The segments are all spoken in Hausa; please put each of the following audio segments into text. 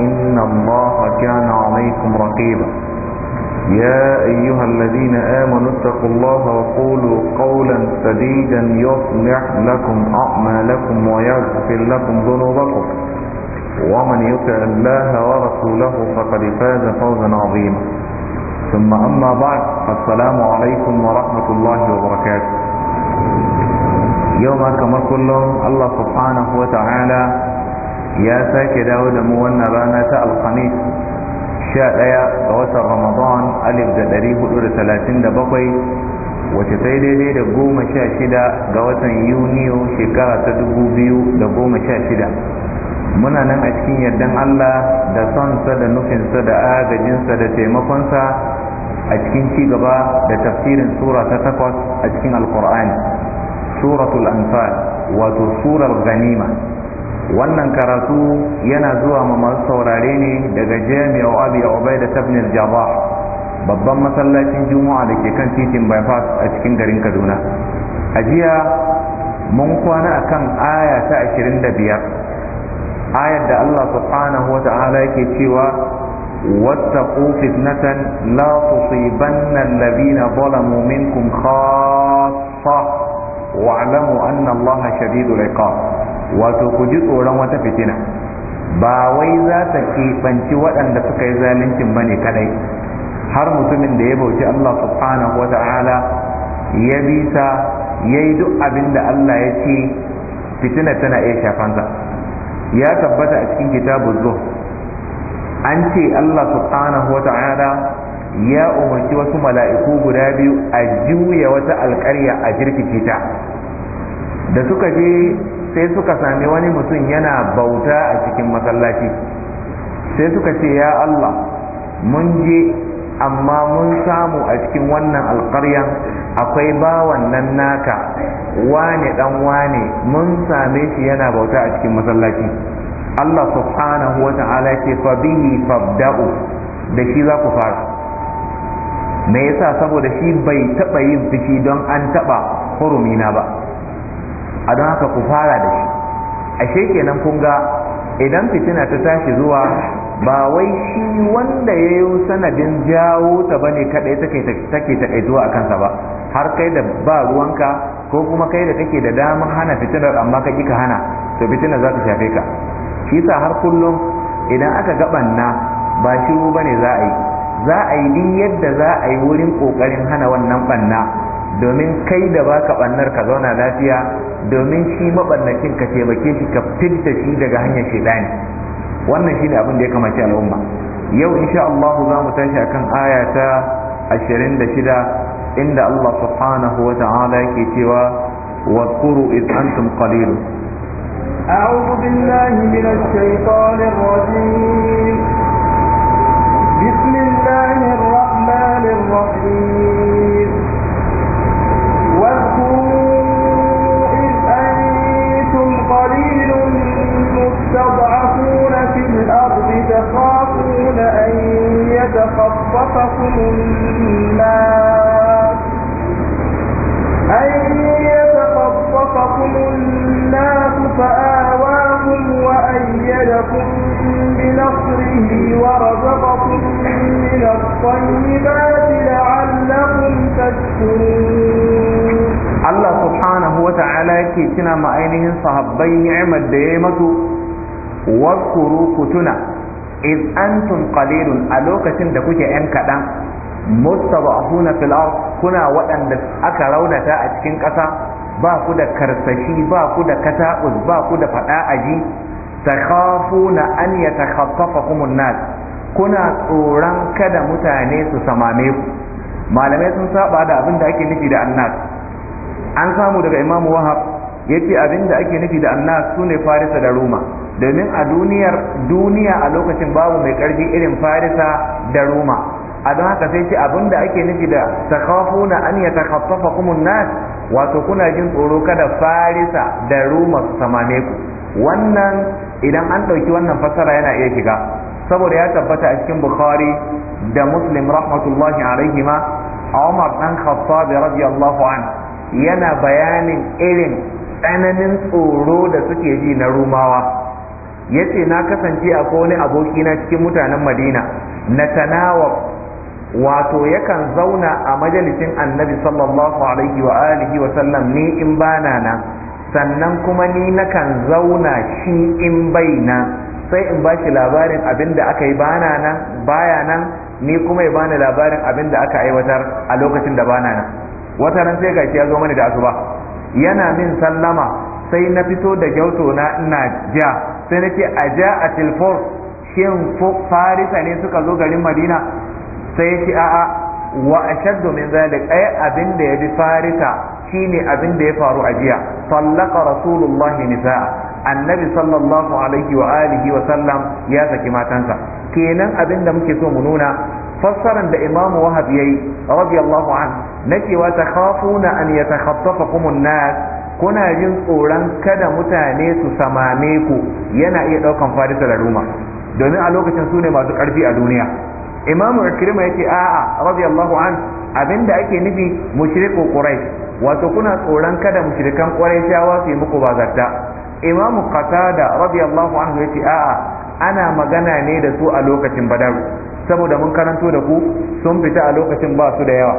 إن الله كان عليكم رقيبا يا أيها الذين آمنوا اتقوا الله وقولوا قولا سديدا يصلح لكم أعمالكم ويغفر لكم ذنوبكم ومن يطع الله ورسوله فقد فاز فوزا عظيما ثم أما بعد السلام عليكم ورحمة الله وبركاته يوم كما كلهم الله سبحانه وتعالى ya sake dawo da mu wannan rana ta alhamis sha ɗaya ga watan ramadan alif da ɗari hudu da talatin da bakwai wace sai daidai da goma sha shida ga watan yuniyo shekara ta dubu biyu da goma sha shida muna nan a cikin yardan allah da sonsa da nufinsa da agajinsa da taimakonsa a cikin ci gaba da tafsirin sura ta takwas a cikin alkur'ani suratul anfal wato surar ganima wannan karatu yana zuwa ma masu saurare ne daga jami'a abi ubai da tabnil jaba babban masallacin juma'a da ke kan titin bypass a cikin garin kaduna a jiya mun kwana a kan aya ta 25 ayar da allah subhanahu wa ta'ala yake cewa na فتنة لا تصيبن الذين ظلموا منكم خاصة واعلموا أن الله شديد العقاب wato ku ji tsoron wata fitina ba wai za ta keɓanci waɗanda suka yi zaluncin ba ne kadai har mutumin da ya bauci Allah subhanahu wa ta'ala ya bisa ya yi duk abin da Allah ya ce fitina tana iya shafansa ya tabbata a cikin kitabu zo an ce Allah subhanahu wa ta'ala ya umarci wasu mala'iku guda biyu a juya wata alƙarya a jirkice ta da suka je sai suka sami wani mutum yana bauta a cikin masallaci sai suka ce ya Allah mun je amma mun samu a cikin wannan alƙaryan akwai bawan nan naka wane dan wane mun same shi yana bauta a cikin masallaci Allah subhanahu wa ta'ala ce fa bihi fabda'u da shi za ku fara me yasa saboda shi bai taɓa yin fiki don an taɓa hurumina ba a don haka ku fara da shi ashe kenan kun ga idan fitina ta tashi zuwa ba wai shi wanda ya yi sanadin jawo ta ba ne kaɗai take zuwa a kansa ba har kai da ba ruwanka ko kuma kai da take da damar hana fitinar amma ka kika hana to fitina za ta shafe ka shi sa har kullum idan aka ga ɓanna, ba shiru ba ne za a yi za a yi duk yadda za a yi wurin ƙoƙarin hana wannan ɓanna domin kai da baka ɓannar ka zauna lafiya domin shi mabannakin ka taimake shi ka fitta shi daga hanyar shaidani wannan shi ne abin da ya kamace al'umma yau insha Allah za mu tashi akan aya ta 26 inda Allah subhanahu wa ta'ala yake cewa wa quru id antum قليل أعوذ بالله من الشيطان الرجيم بسم الله الرحمن الرحيم واذكروا تضعفون في الأرض تخافون أن يتخطفكم الناس أن يتخطفكم الناس فآواكم وأيدكم بنصره ورزقكم من الطيبات لعلكم تشكرون الله سبحانه وتعالى يكي تنا ما ainihin sahabbai ni'imar da ya yi واذكروا كتنا إذ أنتم قليل ألوكة دكوك أن كدا مستضعفون في الأرض كنا وأن a cikin كسا ba ku da karsashi ba ku da kata'uz ba ku da fada aji takhafuna an yatakhaffafakum an-nas kuna tsoron kada mutane su samame ku malamai sun saba da abin da ake nufi da annas an samu daga imamu wahab yace abin da ake nufi da annas sune farisa da roma domin a duniyar duniya a lokacin babu mai ƙarfi irin farisa da roma a don haka sai ce abin da ake nufi da takhafuna an ya takhaffafa kumun nas wato kuna jin tsoro kada farisa da roma su samane ku wannan idan an ɗauki wannan fassara yana iya shiga saboda ya tabbata a cikin bukhari da muslim rahmatullahi alaihi ma umar dan khattab radiyallahu an yana bayanin irin tsananin tsoro da suke ji na rumawa Ya ce na kasance a wani aboki na cikin mutanen madina na tanawa wato yakan zauna a majalisin annabi sallallahu alaihi wa alihi wa sallam ni in bana na sannan kuma ni nakan zauna shi in baina sai in ba shi labarin abin da aka yi bana nan baya nan ni kuma ya bani labarin abin da aka aiwatar a lokacin da bana nan wata ran sai gashi ya zo mani da asuba yana min sallama sai na fito da gyauto na ina ja sai a ja a tilfor shin farisa ne suka zo garin madina sai yace a'a wa ashaddu min zalik ay abin da ya bi farisa shine abin da ya faru a jiya tallaqa rasulullahi nisaa annabi sallallahu alaihi wa alihi wa sallam ya saki matansa kenan abin da muke so mu nuna fassaran da imamu wahab yayi radiyallahu an na wa takhafuna an yatakhaffafakum an-nas kuna jin tsoron kada mutane su samame ku yana iya ɗaukan farisa da ruma domin a lokacin su ne masu ƙarfi a duniya imamu ikrima yake a'a radiyallahu an abinda ake nufi mushriku quraish wato kuna tsoron kada mushrikan quraishawa su yi muku bazarta imamu qatada radiyallahu anhu yace a'a ana magana ne da su a lokacin badar saboda mun karanto da ku sun fita a lokacin ba su da yawa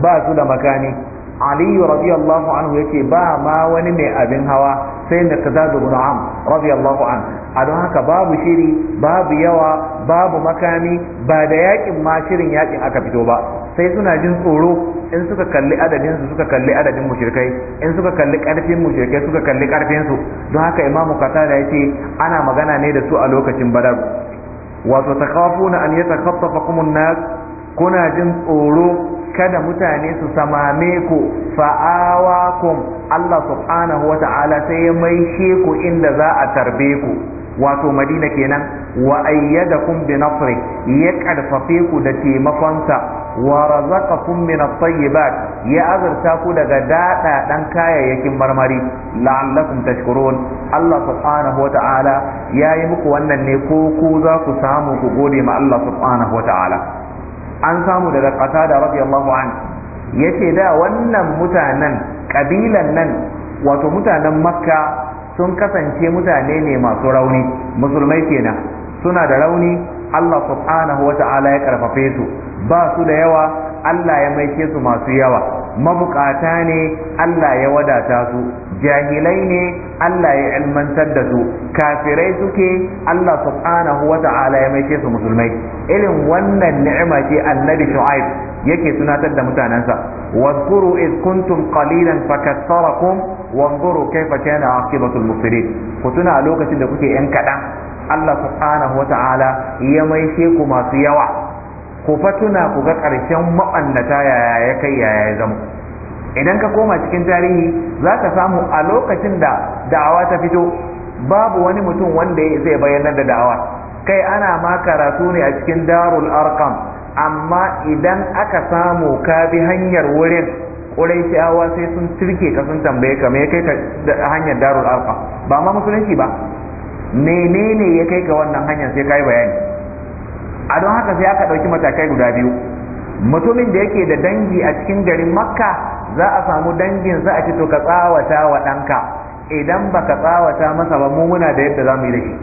ba su da makani aliyu radiyallahu anhu yake ba ma wani mai abin hawa sai da kaza da am radiyallahu an a don haka babu shiri babu yawa babu makami ba da yakin ma shirin yakin aka fito ba sai suna jin tsoro in suka kalli adadin su suka kalli adadin mushrikai in suka kalli karfin mushrikai suka kalli karfin su don haka imamu qatada yace ana magana ne da su a lokacin badar wato takhafuna an yatakhaffafakum an-nas kuna jin tsoro kada mutane su samame ku fa'awakum Allah subhanahu wa ta'ala sai ya maishe ku inda za a tarbe ku wato madina kenan wa ayyadakum bi nasri ya karfafe ku da taimakonsa wa razaqakum min at-tayyibat ya azurta ku daga dada dan kayayyakin marmari la'allakum tashkurun Allah subhanahu wa ta'ala yayi muku wannan ne ko ku za ku samu ku gode ma Allah subhanahu wa ta'ala an samu daga ƙasa da radiyallahu an yace da wannan mutanen ƙabilan nan wato mutanen makka sun kasance mutane ne masu rauni musulmai kenan suna da rauni Allah subhanahu wa ta'ala ya karfafe su ba su da yawa Allah ya maike su masu yawa mabukata ne Allah ya wadata su jahilai ne Allah ya ilmantar da su kafirai suke Allah subhanahu wa ta'ala ya maishe su musulmai irin wannan ni'ima ce annabi shu'aib yake tunatar da mutanensa wadhkuru iz kuntum qalilan fakassarakum wadhkuru kayfa kana aqibatul mufsidin ku tuna a lokacin da kuke yan kadan Allah subhanahu wa ta'ala ya maishe ku masu yawa ku fatuna ku ga ƙarshen maɓannata yaya ya kai yaya ya zama idan ka koma cikin tarihi za ka samu a lokacin da da'awa ta fito babu wani mutum wanda zai bayyanar da da'awa kai ana ma karatu ne a cikin darul arqam amma idan aka samu ka bi hanyar wurin ƙuraishiyawa sai sun turke ka sun tambaye ka me ya kai ka hanyar darul arqam ba ma musulunci ba menene ya kai ka wannan hanyar sai ka yi bayani a don haka sai aka ɗauki matakai guda biyu mutumin da yake da dangi a cikin garin makka za a samu dangin za a ci to ka tsawata wa ɗanka idan ba ka tsawata masa ba mu muna da yadda za mu yi da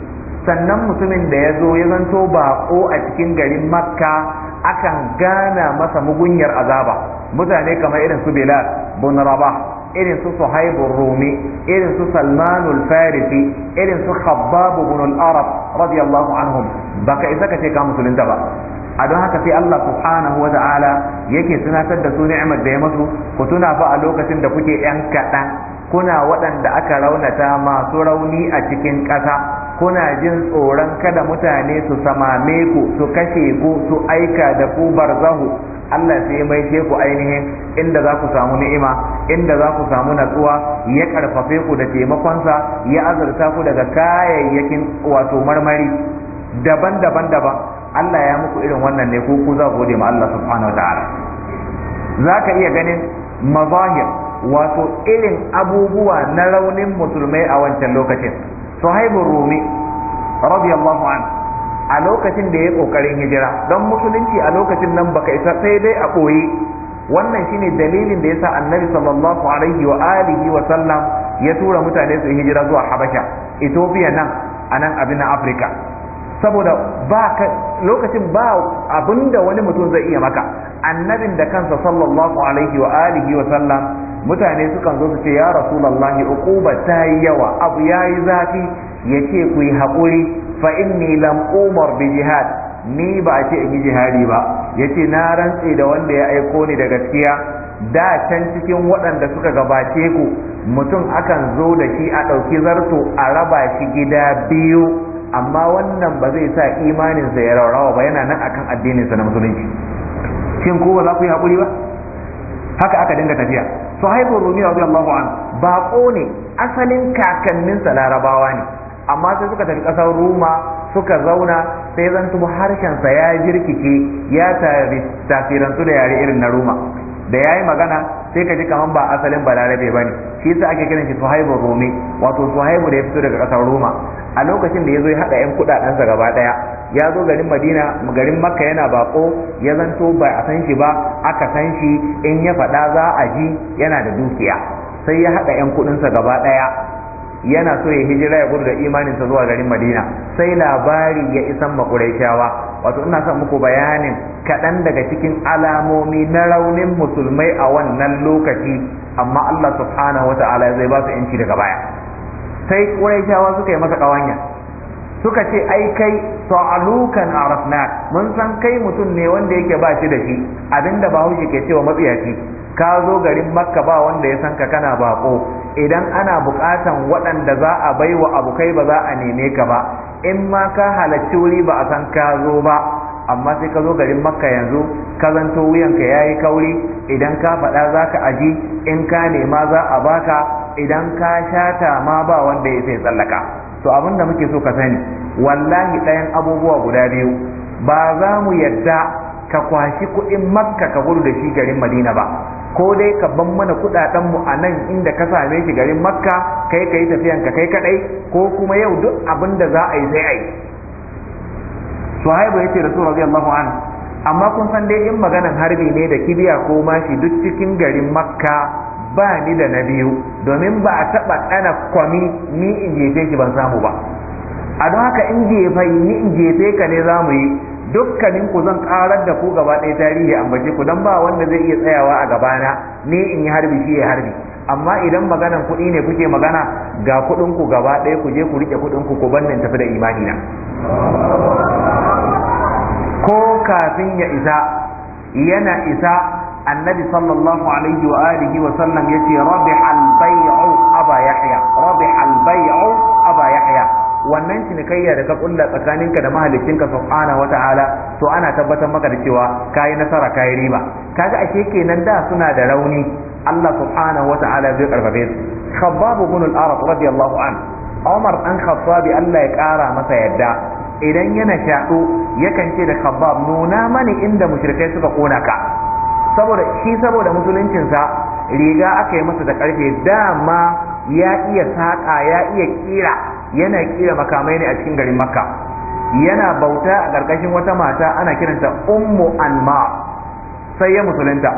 sannan mutumin da ya zo ya zanto baƙo a cikin garin makka akan gana masa mugunyar azaba mutane kamar irin su bilal bin rabah irin su suhaibun rumi irin su salmanul farisi irin su khabbab ibn al-arab radiyallahu anhum baka isa ka ce ka musulunta ba a don haka sai Allah subhanahu wa ta'ala yake tunatar da su ni'imar da ya musu ku tuna fa a lokacin da kuke yan kaɗan kuna waɗanda aka raunata masu rauni a cikin ƙasa kuna jin tsoron kada mutane su samame ku su kashe ku su aika da ku barzahu Allah sai ya maishe ku ainihin inda za ku samu ni'ima inda za ku samu natsuwa ya karfafe ku da taimakonsa ya azurta ku daga kayayyakin wato marmari daban-daban daban Allah ya muku irin wannan ne ko ku za ku gode ma Allah subhanahu wataala za ka iya ganin mazahir wato irin abubuwa na raunin musulmai a wancan lokacin suhaibun rumi radiyallahu anhu a lokacin da ya kokarin hijira don musulunci a lokacin nan baka isa sai dai a koyi wannan shine dalilin da yasa annabi sallallahu alaihi wa alihi wa sallam ya tura mutane su hijira zuwa habasha ethiopia nan a nan abin afirka saboda ba lokacin ba abinda wani mutum zai iya maka annabin da kansa sallallahu alaihi wa alihi wa sallam mutane sukan zo su ce ya rasulullahi uquba ta yawa abu yayi zafi yace ku yi haƙuri fa inni lam umar bi jihad ni ba a ce in yi jihadi ba yace na rantse da wanda ya aiko ni da gaskiya da can cikin waɗanda suka gabace ku mutum akan zo da shi a ɗauki zarto a raba shi gida biyu amma wannan ba zai sa imaninsa ya raurawa ba yana nan akan addininsa na musulunci shin ko ba za ku yi haƙuri ba haka aka dinga tafiya su haifin rumi radiyallahu an baƙo ne asalin kakanninsa larabawa ne amma sai suka tafi ƙasar roma suka zauna sai harshen sa ya jirkike ya tafirantu da yare irin na roma da ya yi magana sai ka ji kamar ba asalin balarabe ba ne shi yasa ake kiran shi suhaibu rome wato suhaibu da ya fito daga ƙasar roma a lokacin da ya zo ya haɗa 'yan kuɗaɗensa gaba ɗaya ya zo garin madina garin makka yana bako ya zanto ba a san shi ba aka san shi in ya faɗa za a ji yana da dukiya sai ya haɗa 'yan kuɗinsa gaba ɗaya yana so ya hijira ya gudu da imaninsa zuwa garin madina sai labari ya isan makuraishawa wato ina son muku bayanin kaɗan daga cikin alamomi na raunin musulmai a wannan lokaci amma allah subhanahu wa ta'ala zai ba su yanci daga baya sai kuraishawa suka yi masa ƙawanya suka ce ai kai sa'alukan arafna mun san kai mutum ne wanda yake ba shi da shi abinda bahaushe ke cewa matsiyaci ka zo garin makka ba wanda ya san ka kana bako idan ana bukatan waɗanda za a bai wa abokai ba za a neme ka ba in ma ka halarci wuri ba a san ka zo ba amma sai ka zo garin makka yanzu ka zanto wuyanka ya yi kauri idan ka faɗa za ka aji in ka nema za a baka idan ka shata ma ba wanda ya sai tsallaka to abin da muke so ka sani wallahi ɗayan abubuwa guda biyu ba za mu yadda ka kwashi kuɗin makka ka gudu da shi garin madina ba ko dai ka ban mana kudaden mu a nan inda ka same shi garin makka kai kai tafiyan ka kai kadai ko kuma yau duk abin da za a yi sai a yi suhaibu rasu rasul allahu an, amma kun san dai in maganan harbi ne da kibiya ko mashi duk cikin garin makka ba ni da na biyu domin ba a taɓa ɗana kwami ni in jefe shi ban samu ba a don haka in jefai ni in jefe ka ne za mu yi dukkanin ku zan karar da ku gaba ɗaya tarihi ambace ku dan ba wanda zai iya tsayawa a gabana ne in yi harbi shi ya harbi amma idan maganan kuɗi ne kuke magana ga kuɗin ku gaba ɗaya ku je ku riƙe kuɗin ku ku bannin tafi da imani na ko kafin ya isa yana isa annabi sallallahu alaihi wa alihi wa sallam yace rabi al-bay'u aba yahya rabi al-bay'u aba yahya wannan cinikayya da ka kulla tsakaninka da mahalicinka subhanahu wataala to ana tabbatar maka da cewa kayi nasara kayi riba kaga ashe kenan da suna da rauni Allah subhanahu wataala zai karfafe su khabbab ibn al-arab radiyallahu an Umar dan Khattab Allah ya kara masa yadda idan yana shaɗo yakan ce da khabbab nuna mani inda mushrikai suka kona ka saboda shi saboda musuluncinsa riga aka yi masa da karfe dama ya iya saƙa ya iya kira yana kira makamai ne a cikin garin makka yana bauta a ƙarƙashin wata mata ana kiranta ummu anma sai ya musulunta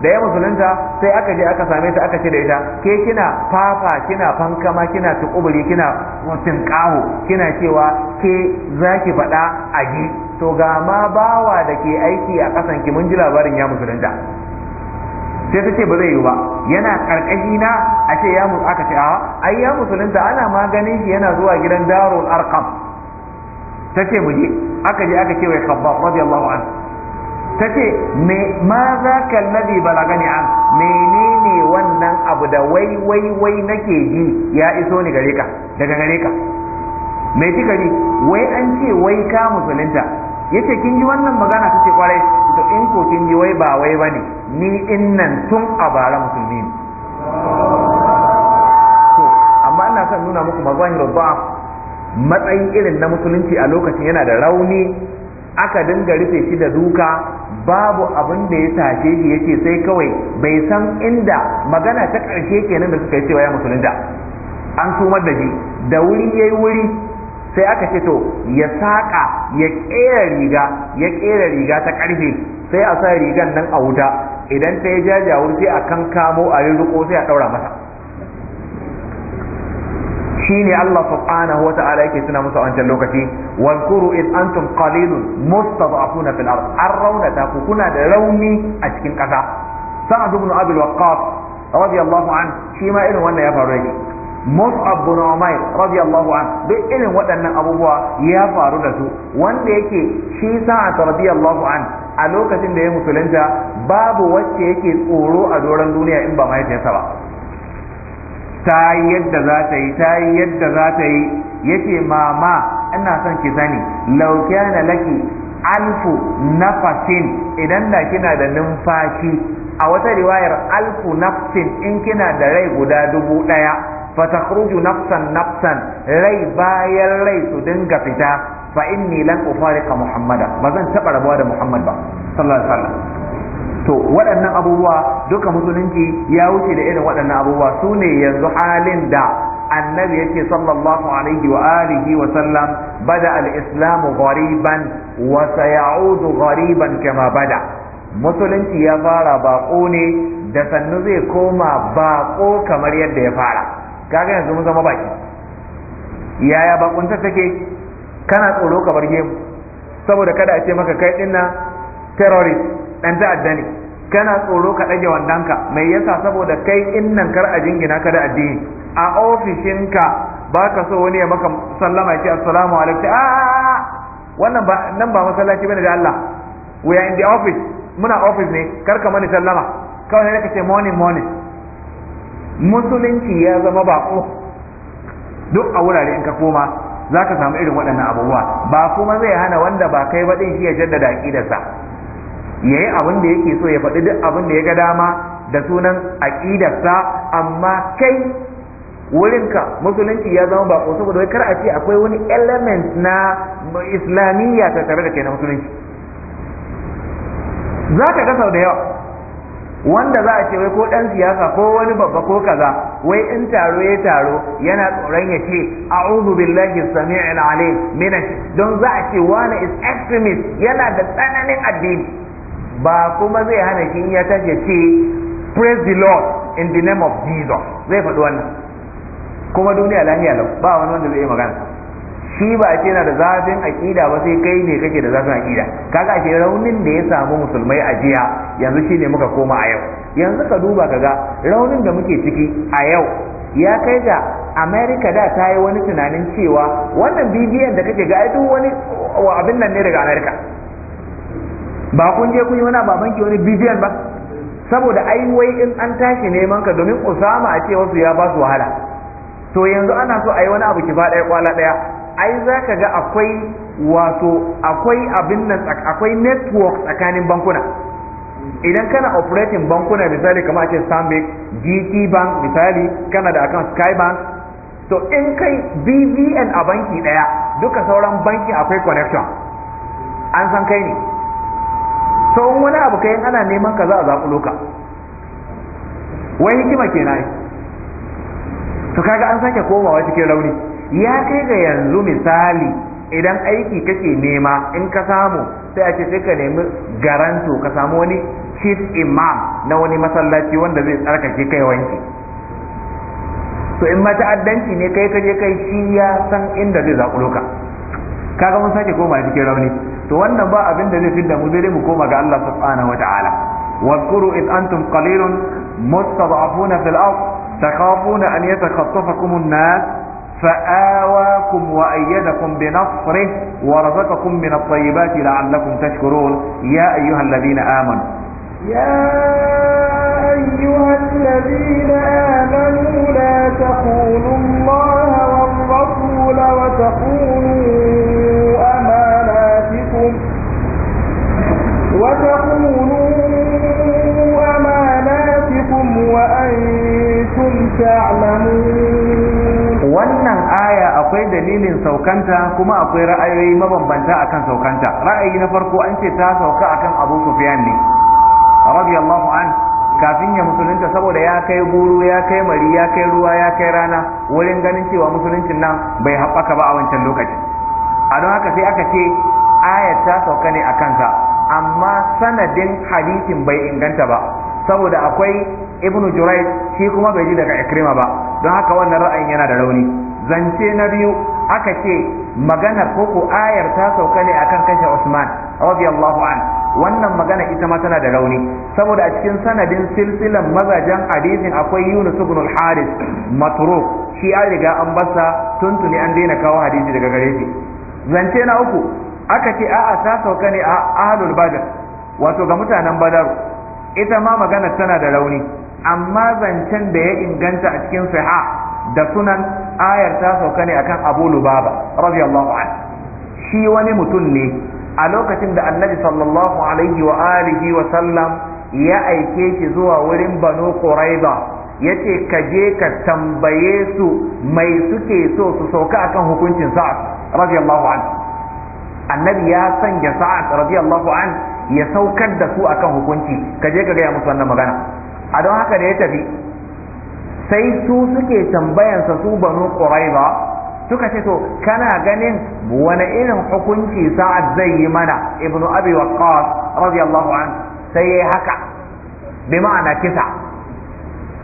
da ya musulunta sai aka je aka same ta aka ce da ita ke kina fafa kina fankama kina tukubuli kina wasin kawo kina cewa ke zaki faɗa a ji to ga ma bawa da ke aiki a ƙasanki ki mun ji labarin ya musulunta sai ta ce ba zai yi ba yana karkashi na a ce ya mutu aka ce a ai ya musulunta ana maganin shi yana zuwa gidan darul arqam ta ce mu je aka je aka wai kabba radiyallahu an ta ce me ma za ka ladi balagani an menene wannan abu da wai wai wai nake ji ya iso ni gare ka daga gare ka me kika ji wai an ce wai ka musulunta yace kin ji wannan magana tace kwarai to in ko kin ji wai ba wai bane ni in nan tun a bara musulmi ne to amma ina son nuna muku mazahir ba matsayin irin na musulunci a lokacin yana da rauni aka dinga rufe shi da duka babu abin da ya tashe shi yace sai kawai bai san inda magana ta ƙarshe kenan da suka yi cewa ya musulunta an tumar da shi da wuri yayi wuri sai aka ce to ya saƙa ya ƙera riga ya ƙera riga ta ƙarfe sai a sa rigan nan a wuta idan ta yi jajawur sai a kan kamo a rirriƙo sai a ɗaura mata shine Allah subhanahu wa ta'ala yake suna musu a wancan lokaci wankuru in antum qalilun mustad'afuna fil ard an raunata ku kuna da rauni a cikin ƙasa sa'ad ibn abi waqqas radiyallahu an shi ma irin wannan ya faru Mus'ab bin Umair radiyallahu Anhu, duk irin waɗannan abubuwa ya faru da su wanda yake shi sa'a radiyallahu Anhu a lokacin da ya musulunta babu wacce yake tsoro a doron duniya in ba mahaifiyarsa ba ta yi yadda za ta yi ta yi yadda za ta yi yace mama ina son ki sani law kana laki alfu nafasin idan da kina da numfashi a wata riwayar alfu nafsin in kina da rai guda dubu ɗaya fatakhruju nafsan nafsan rai bayan rai su dinga fita fa inni lan ufariqa muhammada ba zan taba rabuwa da muhammad ba to waɗannan abubuwa duka musulunci ya wuce da irin waɗannan abubuwa su ne yanzu halin da annabi ce sallallahu alaihi wa alihi wa sallam bada al-islamu ghariban wa sayaudu ghariban kama bada musulunci ya fara bako ne da sannu zai koma bako kamar yadda ya fara kaga yanzu mun zama baki yaya bakunta take kana tsoro ka bar gemu saboda kada a ce maka kai din nan terrorist dan ta'adda ne kana tsoro ka ɗage ka? mai yasa saboda kai in nan kar a jingina ka da addini a ofishinka ba ka so wani ya maka sallama ce assalamu alaikum a wannan ba nan ba masallaci bane da Allah we are in the office muna office ne kar ka mani sallama kawai ne ka ce morning morning musulunci ya zama bako duk a wurare in ka koma za ka samu irin waɗannan abubuwa ba kuma zai hana wanda ba kai ba ɗin iya jaddada aƙidarsa ya yi abin da yake so ya faɗi duk abin da ya ga dama da sunan aƙidarsa amma kai wurinka musulunci ya zama bako saboda wai kar a ce akwai wani element na islamiyya ta tare da kai na musulunci za ka ga sau da yawa wanda za a ce wai ko ɗan siyasa ko wani babba ko kaza wai in taro ya taro yana tsoron ya ce a'udhu billahi samii'il alim min don za a ce wani is extremist yana da tsananin addini ba kuma zai hana shi ya tashi ce praise the lord in the name of jesus zai faɗi wannan kuma duniya lafiya lau ba wani wanda zai yi magana shi ba ce yana da zafin aƙida ba sai kai ne kake da zafin aƙida kaga ake raunin da ya samu musulmai a jiya yanzu shine muka koma a yau yanzu ka duba kaga raunin da muke ciki a yau ya kai ga america da ta yi wani tunanin cewa wannan bidiyon da kake ga duk wani abin nan ne daga america ba kun je kun yi wani babanki wani bidiyon ba saboda ai wai in an tashi neman ka domin usama a ce wasu ya ba su wahala to yanzu ana so a yi wani abu ki ba ɗaya kwala ɗaya ai za ka ga akwai wato akwai abin nan akwai network tsakanin bankuna idan kana operating bankuna misali kamar ake stanbic gt bank misali kana da account sky bank to in kai bbn a banki daya duka sauran banki akwai connection an san kai ne so wani abu kai ana neman ka za a zaɓi loka wai hikima kenan to kaga an sake komawa cikin rauni ya kai ga yanzu misali idan aiki kake nema in ka samu sai a ce sai ka nemi garanto ka samu wani chief imam na wani masallaci wanda zai tsarkake kai wanki to in ma ta'addanci ne kai kaje kai shi ya san inda zai zaƙulo ka kaga mun sake koma cikin rauni to wannan ba abin da zai fidda mu zai mu koma ga Allah subhanahu wataala واذكروا إذ أنتم قليل مستضعفون في الأرض تخافون أن يتخطفكم الناس فآواكم وأيدكم بنصره ورزقكم من الطيبات لعلكم تشكرون يا أيها الذين آمنوا يا أيها الذين آمنوا لا تخونوا الله والرسول وتخونوا أماناتكم وتخونوا أماناتكم وأنتم تعلمون wannan aya akwai dalilin saukanta kuma akwai ra'ayoyi mabambanta akan saukanta ra'ayi na farko an ce ta sauka akan Abu Sufyan ne radiyallahu an kafin ya musulunta saboda ya kai guru ya kai mari ya kai ruwa ya kai rana wurin ganin cewa musuluncin nan bai haɓaka ba a wancan lokaci a don haka sai aka ce ayat ta sauka ne a kansa amma sanadin hadisin bai inganta ba saboda akwai ibnu jurai shi kuma bai ji daga ikrima ba don haka wannan ra'ayin yana da rauni zance na biyu aka ce maganar koko ayar ta sauka ne akan kashe usman radiyallahu an wannan magana ita ma tana da rauni saboda a cikin sanadin silsilan mazajen hadisin akwai yunus ibn al-haris matruk shi an riga an basa tuntuni an daina kawo hadisi daga gare shi zance na uku aka ce a'a ta sauka ne a ahlul badr wato ga mutanen badar ita ma magana tana da rauni amma zancen da ya inganta a cikin fiha da sunan ayar ta sauka ne akan Abu Lubaba radiyallahu anhu shi wani mutum ne a lokacin da Annabi sallallahu alaihi wa alihi wa sallam ya aike shi zuwa wurin Banu Quraiba yace ka je ka tambaye su mai suke so su sauka akan hukuncin Sa'ad radiyallahu anhu annabi ya sanya sa'ad radiyallahu anhu ya saukar da su akan hukunci ka je ka gaya musu wannan magana a don haka da ya tafi sai su suke tambayansa su banu ba suka ce to kana ganin wani irin hukunci sa'ad zai yi mana ibnu abi waqqas radiyallahu an sai yayi haka bi ma'ana kisa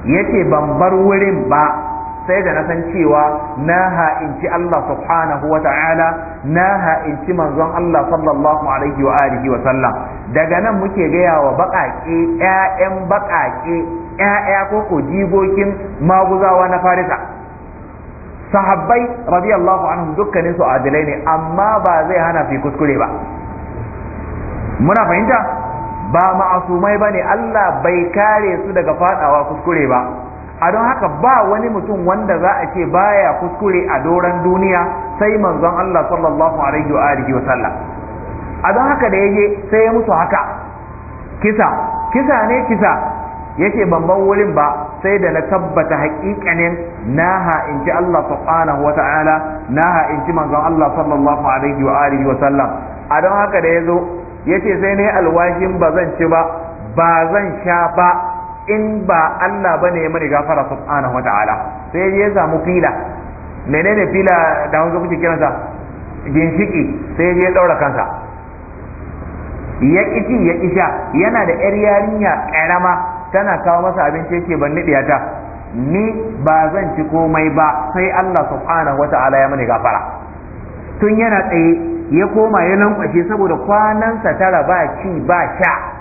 yace ban bar wurin ba sai da na san cewa na ha'inci Allah subhanahu wa ta'ala na ha'inci manzon Allah sallallahu alaihi wa alihi wa sallam daga nan muke gaya wa baƙaƙe ƴaƴan baƙaƙe ƴaƴa ko ko jibokin maguzawa na farisa sahabbai radiyallahu anhum dukkanin su adilai ne amma ba zai hana fi kuskure ba muna fahimta ba ma'asumai bane Allah bai kare su daga fadawa kuskure ba a don haka ba wani mutum wanda za a ce baya kuskure a doron duniya sai manzon Allah sallallahu alaihi wa wa sallam a don haka da yake sai ya musu haka kisa kisa ne kisa yake babban wurin ba sai da na tabbata haƙiƙanin na ha'inci Allah subhanahu wa ta'ala na ji manzon Allah sallallahu alaihi wa alihi wa sallam a don haka da yazo yace sai ne alwashin ba zan ci ba ba zan sha ba in ba Allah ne ya mani gafara subhanahu wataala sai ya samu fila menene fila da wanzu kuke kiransa ginshiki sai ya daura kansa ya kici ya ƙisha yana da yar yarinya ƙarama, tana kawo masa abinci yake ban ta. ni ba zan ci komai ba sai Allah subhanahu wataala ya mani gafara tun yana tsaye ya koma ya lankwashe saboda kwanansa tara ba ci ba sha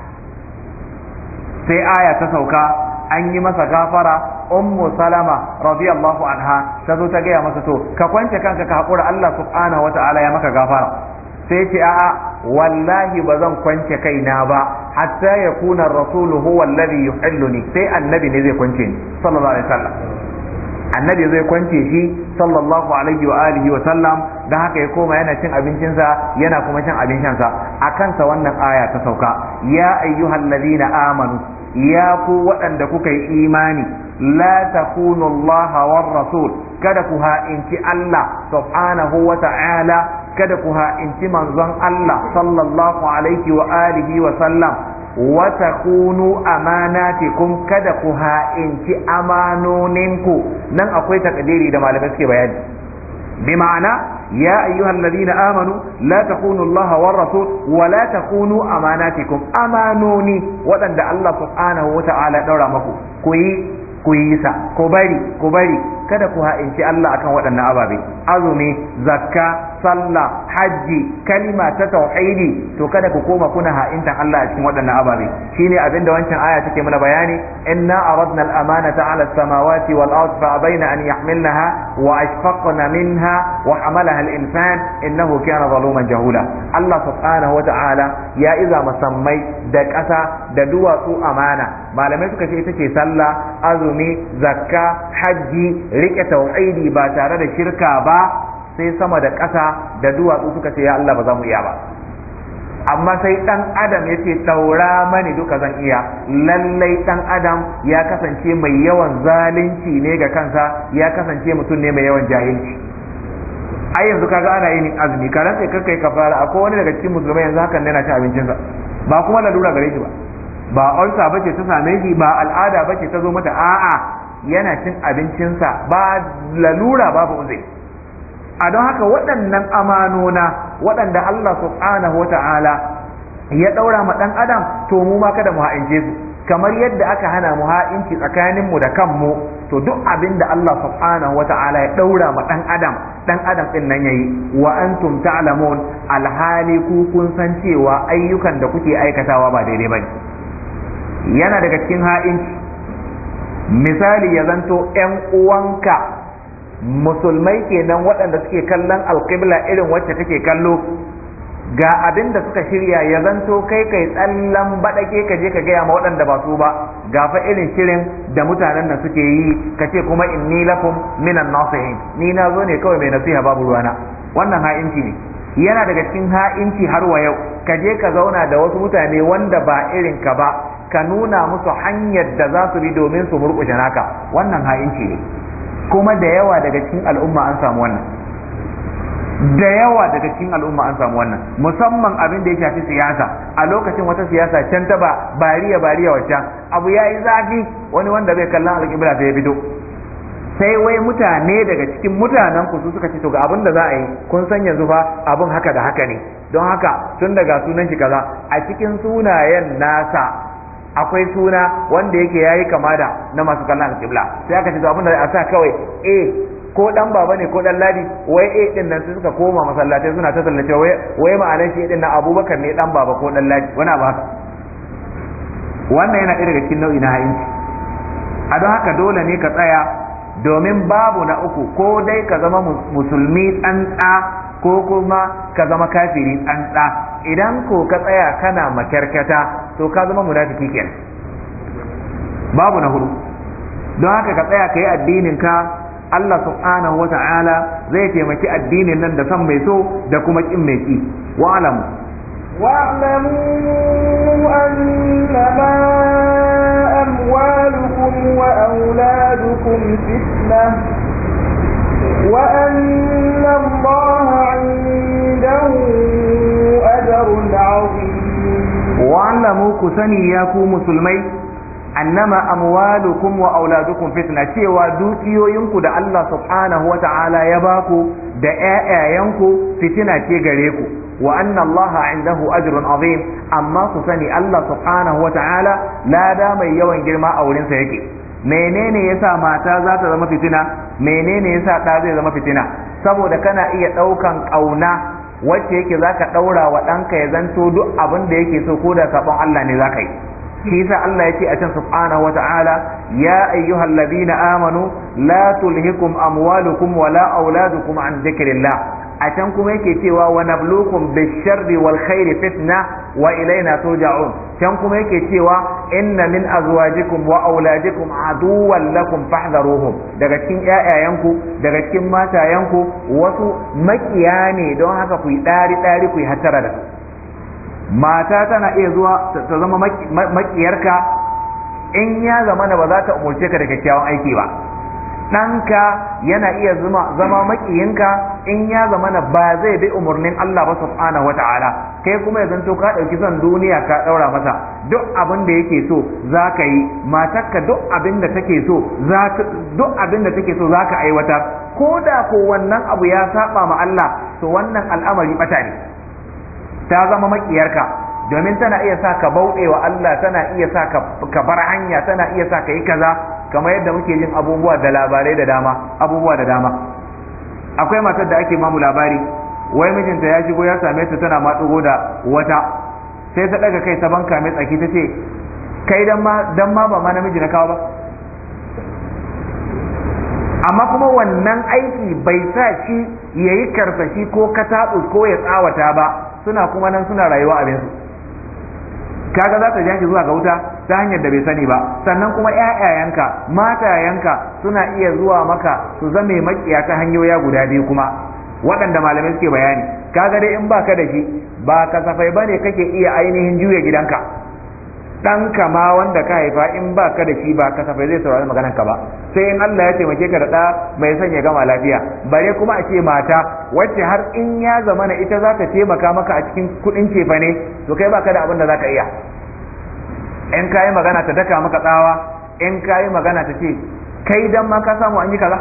sai aya ta sauka an yi masa gafara ummu salama radiyallahu anha ta zo ta gaya masa to ka kwance kanka ka haƙura Allah subhanahu ta'ala ya maka gafara sai ce a'a wallahi ba zan kwance kaina ba hatta ya kuna rasulu huwa alladhi yuhilluni sai annabi ne zai kwance ni sallallahu alaihi wasallam annabi zai kwance shi sallallahu alaihi wa alihi wa sallam da haka ya koma yana cin abincinsa yana kuma cin abincinsa a sa wannan aya ta sauka ya ayyuhal ladina amanu ya ku waɗanda kuka yi imani la takunu Allah war rasul kada ku ha'inci Allah subhanahu wa ta'ala kada ku ha'inci manzon Allah sallallahu alaihi wa alihi wa sallam wa takunu amanatikum kada ku ha'inci amanoninku nan akwai takadiri da malamai suke bayani بمعنى يا أيها الذين آمنوا لا تخونوا الله والرسول ولا تخونوا أماناتكم أمانوني ودن الله سبحانه وتعالى دورا مكو كوي ku yi sa ku bari ku bari kada ku ha'inci Allah akan waɗannan ababe azumi zakka sallah hajji kalima ta tauhidi to kada ku koma kuna ha'inta Allah a cikin waɗannan ababe shine abin da wancan aya take mana bayani inna aradna al-amanata 'ala as-samawati wal ard fa abaina an yahmilnaha wa ashfaqna minha wa hamalaha al-insan innahu kana zaluman jahula Allah subhanahu wa ta'ala ya iza masammai da ƙasa da duwatsu amana malamai suka ce ita ce sallah azumi zakka hajji rike tauhidi ba tare da shirka ba sai sama da ƙasa da duwatsu suka ce ya Allah ba za mu iya ba amma sai ɗan adam ya ce taura mani duka zan iya lallai ɗan adam ya kasance mai yawan zalunci ne ga kansa ya kasance mutum ne mai yawan jahilci a yanzu kaga ana yin azumi ka rantsa kai kafara akwai wani daga cikin musulmai yanzu hakan yana cin abincinsa ba kuma lalura gare shi ba ba ba bace ta same shi ba al'ada bace ta zo mata a'a yana cin abincinsa ba lalura babu uzuri a don haka waɗannan amanona waɗanda Allah subhanahu wata'ala ya ɗaura ma ɗan adam to mu ma kada mu ha'ince su kamar yadda aka hana mu ha'inci tsakanin mu da kanmu to duk abin da Allah subhanahu ta'ala ya ɗaura ma ɗan adam ɗan adam ɗin nan yayi wa antum ta'lamun alhali ku kun san cewa ayyukan da kuke aikatawa ba daidai bane yana daga cikin ha'inci misali ya zanto 'yan uwanka musulmai kenan waɗanda suke kallon alƙibla irin wacce take kallo ga abin da suka shirya ya zanto kai kai tsallan baɗake ka je ka gaya ma waɗanda ba su ba ga fa irin shirin da mutanen nan suke yi ka ce kuma in ni lakum minan nasihin ni na zo ne kawai mai nasiha babu ruwana wannan ha'inci ne yana daga cikin ha'inci har wa yau ka je ka zauna da wasu mutane wanda ba irin ka ba ka nuna musu hanyar da za su bi domin su murƙushe naka wannan ha'inci ne kuma da yawa daga cikin al'umma an samu wannan da yawa daga cikin al'umma an samu wannan musamman abin da ya shafi siyasa a lokacin wata siyasa can ta ba bariya bariya wacce abu ya yi zafi wani wanda bai kallon alƙibla sai ya fito sai wai mutane daga cikin mutanen ku su suka ce to ga abin da za a yi kun san yanzu fa abin haka da haka ne don haka tun daga sunan shi kaza a cikin sunayen nasa akwai suna wanda yake yayi kama da na masu kallon alƙibla sai aka ce to abin da a sa kawai a ko dan baba ne ko dan ladi wai a din nan suka koma masallatai suna ta sallace wai wai ma'anar shi din nan abubakar ne dan baba ko dan ladi wani abu wannan yana ɗaya daga cikin nau'i na hayin a don haka dole ne ka tsaya domin babu na uku ko dai ka zama musulmi tsantsa ko kuma ka zama kafiri tsantsa idan ko ka tsaya kana makyarkata to ka zama munafiki kenan babu na hudu don haka ka tsaya ka yi addinin ka Allah subhanahu wa ta'ala zai taimaki addinin nan da san mai so da kuma kin mai ki wa alamu annama amwalukum wa auladukum fitna wa annallaha 'indahu ajrun 'azim wa'lamu ku sani ya ku musulmai annama amwalukum wa auladukum fitna cewa dukiyoyinku da Allah subhanahu wa ta'ala ya baku da ƴaƴayenku fitina ce gare ku wa anna Allah indahu ajrun azim amma ku sani Allah subhanahu wa ta'ala lada mai yawan girma a wurin sa yake menene yasa mata za ta zama fitina menene yasa ɗa zai zama fitina saboda kana iya ɗaukan ƙauna wacce yake zaka ɗaura wa ɗanka ya zanto duk abin da yake so ko da sabon Allah ne zaka yi shi sa Allah ce a can subhanahu ta'ala ya ayyuhal ladina amanu la tulhikum amwalukum wala auladukum an dhikrillah a can kuma yake cewa wa nablukum bisharri wal khairi fitna wa ilaina turja'un can kuma yake cewa inna min azwajikum wa auladikum aduwwan lakum fahdharuhum daga cikin ƴaƴayanku daga cikin matayanku wasu makiya ne don haka ku yi dari dari ku yi hatara da mata tana iya zuwa ta zama makiyarka in ya zama da ba za ta umurce ka da kyakkyawan aiki ba ɗanka yana iya zama makiyinka in ya zama na ba zai bi umarnin Allah ba subhanahu wata'ala kai kuma ya zanto ka ɗauki son duniya ka ɗaura masa duk abin da yake so za ka yi matarka duk abin da take so duk abin da take so za ka aiwatar ko da ko wannan abu ya saba ma Allah to wannan al'amari bata ne ta zama makiyarka domin tana iya sa ka bauɗe wa Allah tana iya sa ka bar hanya tana iya sa ka yi kaza kamar yadda muke yin abubuwa da labarai da dama abubuwa da dama akwai matar da ake mamu labari wai mijinta ya shigo ya same ta tana matsugo da wata sai ta daga kai ta banka mai tsaki ta ce kai dan ma ma ba ma namiji na kawo ba amma kuma wannan aiki bai sa shi ya yi karfashi ko kataɓus ko ya tsawata ba suna kuma nan suna rayuwa abinsu kaga za ta ja shi zuwa ga wuta ta hanyar da bai sani ba sannan kuma ƴaƴayanka matayanka suna iya zuwa maka su zame makiya ta hanyoyi guda biyu kuma waɗanda malamai suke bayani kaga dai in ka da shi ba kasafai bane kake iya ainihin juya gidanka ka ma wanda ka haifa in ba ka da shi ba kasafai zai saurari maganar ka ba sai in Allah ya taimake ka da ɗa mai son ya gama lafiya bare kuma a ce mata wacce har in ya zama na ita za ta taimaka maka a cikin kuɗin cefane ne to kai ba ka da abin da za ka iya in kayi magana ta daka maka tsawa in kayi magana ta ce kai dan ma ka samu an yi kaza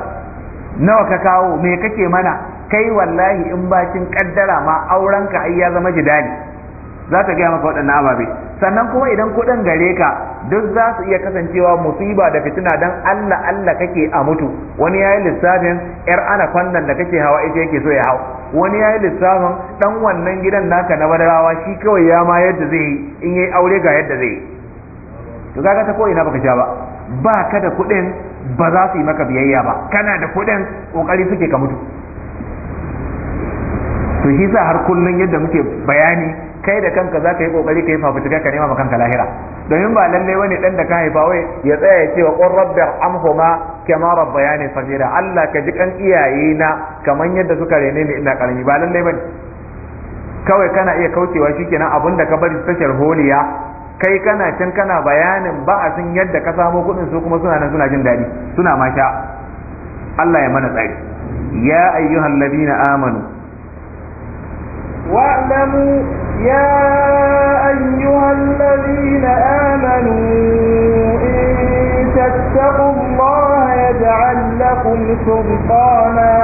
nawa ka kawo me kake mana kai wallahi in bakin kaddara ma auren ka ai ya zama jidali za ta gaya maka waɗannan ababe sannan kuma idan kuɗin gare ka duk za su iya kasancewa musiba da fitina dan Allah Allah kake a mutu wani yayi lissafin yar ana kwannan da kake hawa ita yake so ya hau wani yayi lissafin dan wannan gidan naka na badarawa shi kawai ya ma yadda zai yi in yayi aure ga yadda zai yi to kaga ta ko ina baka sha ba ba ka da kuɗin ba za su yi maka biyayya ba kana da kuɗin ƙoƙari suke ka mutu to shi sa har kullun yadda muke bayani kai da kanka za ka yi kokari ka yi fafutuka ka nema kanka lahira domin ba lallai wani dan da ka haifa wai ya tsaya ya ce wa qur rabbi amhuma kama rabbayani Allah ka ji kan iyaye na kamar yadda suka rene ni ina karami ba lallai bane kawai kana iya kaucewa shi kenan abinda ka bari tashar holiya kai kana can kana bayanin ba a sun yadda ka samo kuɗin su kuma suna nan suna jin daɗi suna ma sha Allah ya mana tsari ya ayyuhal ladina amanu wa'lamu ya ayyuhal ladina amanu in tattaqullaha yaj'al lakum sultana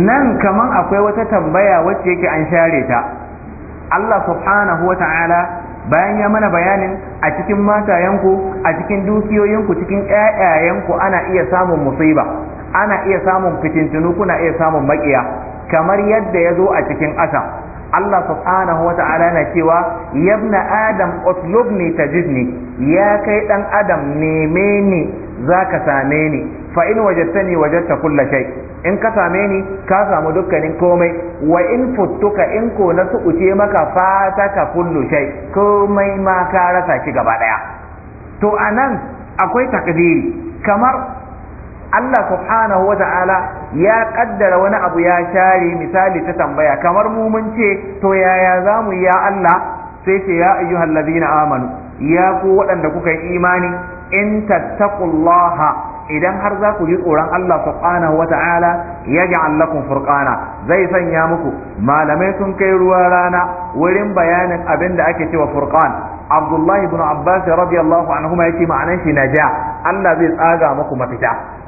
Nan kaman akwai wata tambaya wacce yake an share ta Allah subhanahu wa ta'ala bayan ya mana bayanin a cikin matayenku a cikin dukiyoyinku cikin yayayenku ana iya samun musiba ana iya samun fitintunu kuna iya samun makiya kamar yadda ya zo a cikin asa Allah subhanahu wa ta'ala na cewa yabna adam uslubni tajidni ya kai dan adam neme ni zaka same ni fa in wajadtani wajadta kulla shay in ka same ni ka samu dukkanin komai wa in futtuka in ko na su'uce maka ka kullu shay komai ma ka rasa shi gaba daya to anan akwai takdiri kamar Allah subhanahu wa ta'ala ya kaddara wani abu ya share misali ta tambaya kamar mu mun ce to yaya za mu ya Allah sai ce ya ayyuhal ladina amanu ya ku waɗanda kuka yi imani in tattaqullaha idan har za ku yi tsoron Allah subhanahu wa ta'ala ya ga allakun furqana zai sanya muku malamai sun kai ruwa rana wurin bayanin abin da ake cewa furqan Abdullahi ibn Abbas radiyallahu anhu ma ce ma'anar shi naja Allah zai tsaga muku mafita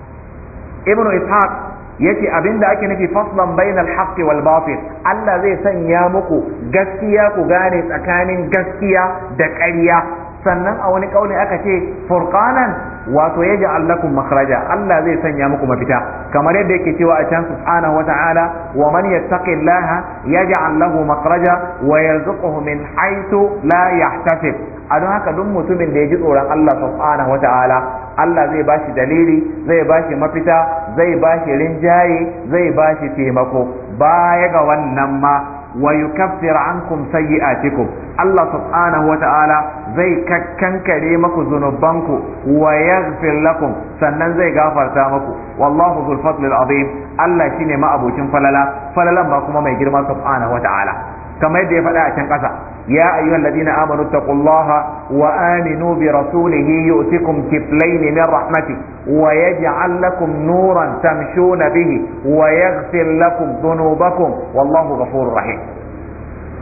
Ibn ishaq yace abinda ake nufi faslan bainal haqqi wal batil Allah zai sanya muku gaskiya ku gane tsakanin gaskiya da ƙarya sannan a wani kauli aka ce furqanan wato yaji allakum makhraja Allah zai sanya muku mafita kamar yadda yake cewa a can subhanahu wata'ala wa man yattaqillaha yaj'al lahu makhraja wa yarzuquhu min haythu la yahtasib a don haka duk mutumin da ya ji tsoron Allah subhanahu ta'ala. Allah zai bashi dalili zai bashi mafita zai bashi rinjaye zai bashi taimako baya ga wannan ma wa yukaffir ankum sayyi'atikum Allah subhanahu wa ta'ala zai kakkankare maku zunubanku wayar yaghfir lakum sannan zai gafarta maku wallahu dhul fadli azim Allah shine ma abocin falala falalan ba kuma mai girma subhanahu wa ta'ala kamar yadda ya faɗi a can ƙasa يا أيها الذين آمنوا اتقوا الله وآمنوا برسوله يؤتكم كفلين من رحمته ويجعل لكم نورا تمشون به ويغفر لكم ذنوبكم والله غفور رحيم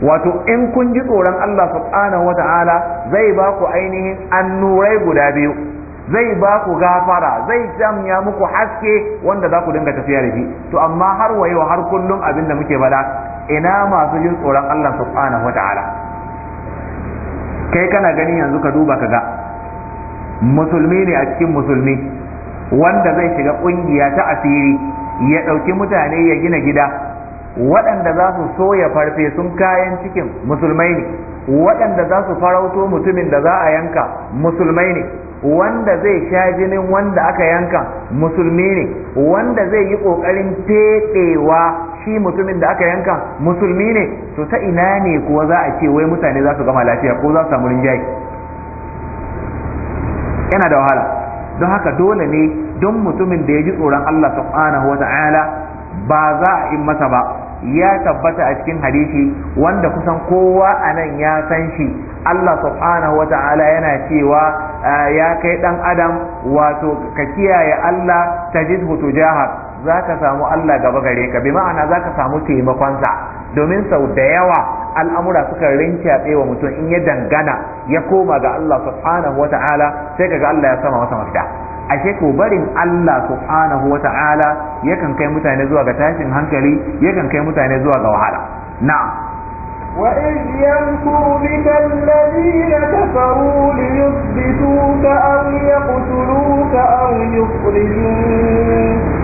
wato in kun ji tsoron Allah subhanahu wa ta'ala zai ba ku ainihin annurai guda biyu zai ba ku gafara zai janya muku haske wanda za ku dinga tafiya da shi to amma har wayo har kullum abin da muke bada ina masu jin tsoron Allah subhanahu wa ta'ala kai kana ganin yanzu ka duba ka ga musulmi ne a cikin musulmi wanda zai shiga kungiya ta asiri ya ɗauki mutane ya gina gida waɗanda za su soya farfe sun kayan cikin musulmai ne waɗanda za su farauto mutumin da za a yanka musulmai ne wanda zai sha jinin wanda aka yanka musulmi ne wanda zai yi ƙoƙarin teɗewa shi mutumin da aka yanka musulmi ne to ta ina ne kuwa za a ce wai mutane za su gama lafiya ko za su samu rinjaye yana da wahala don haka dole ne don mutumin da ya ji tsoron Allah subhanahu wa ta'ala ba za a in masa ba ya tabbata a cikin hadisi wanda kusan kowa a nan ya san shi Allah subhanahu wa ta'ala yana cewa ya kai dan adam wato ka kiyaye Allah tajidhu tujahak za ka samu Allah gaba gare ka bi ma'ana za ka samu taimakonsa domin sau da yawa al'amura suka rinca tsewa mutum in ya dangana ya koma ga Allah subhanahu wa ta'ala sai kaga Allah ya sama masa mafita ashe ko barin Allah subhanahu wa ta'ala yakan kai mutane zuwa ga tashin hankali yakan kai mutane zuwa ga wahala na'am وإذ يمكر بك الذين كفروا ليثبتوك أو يقتلوك أو يخرجوك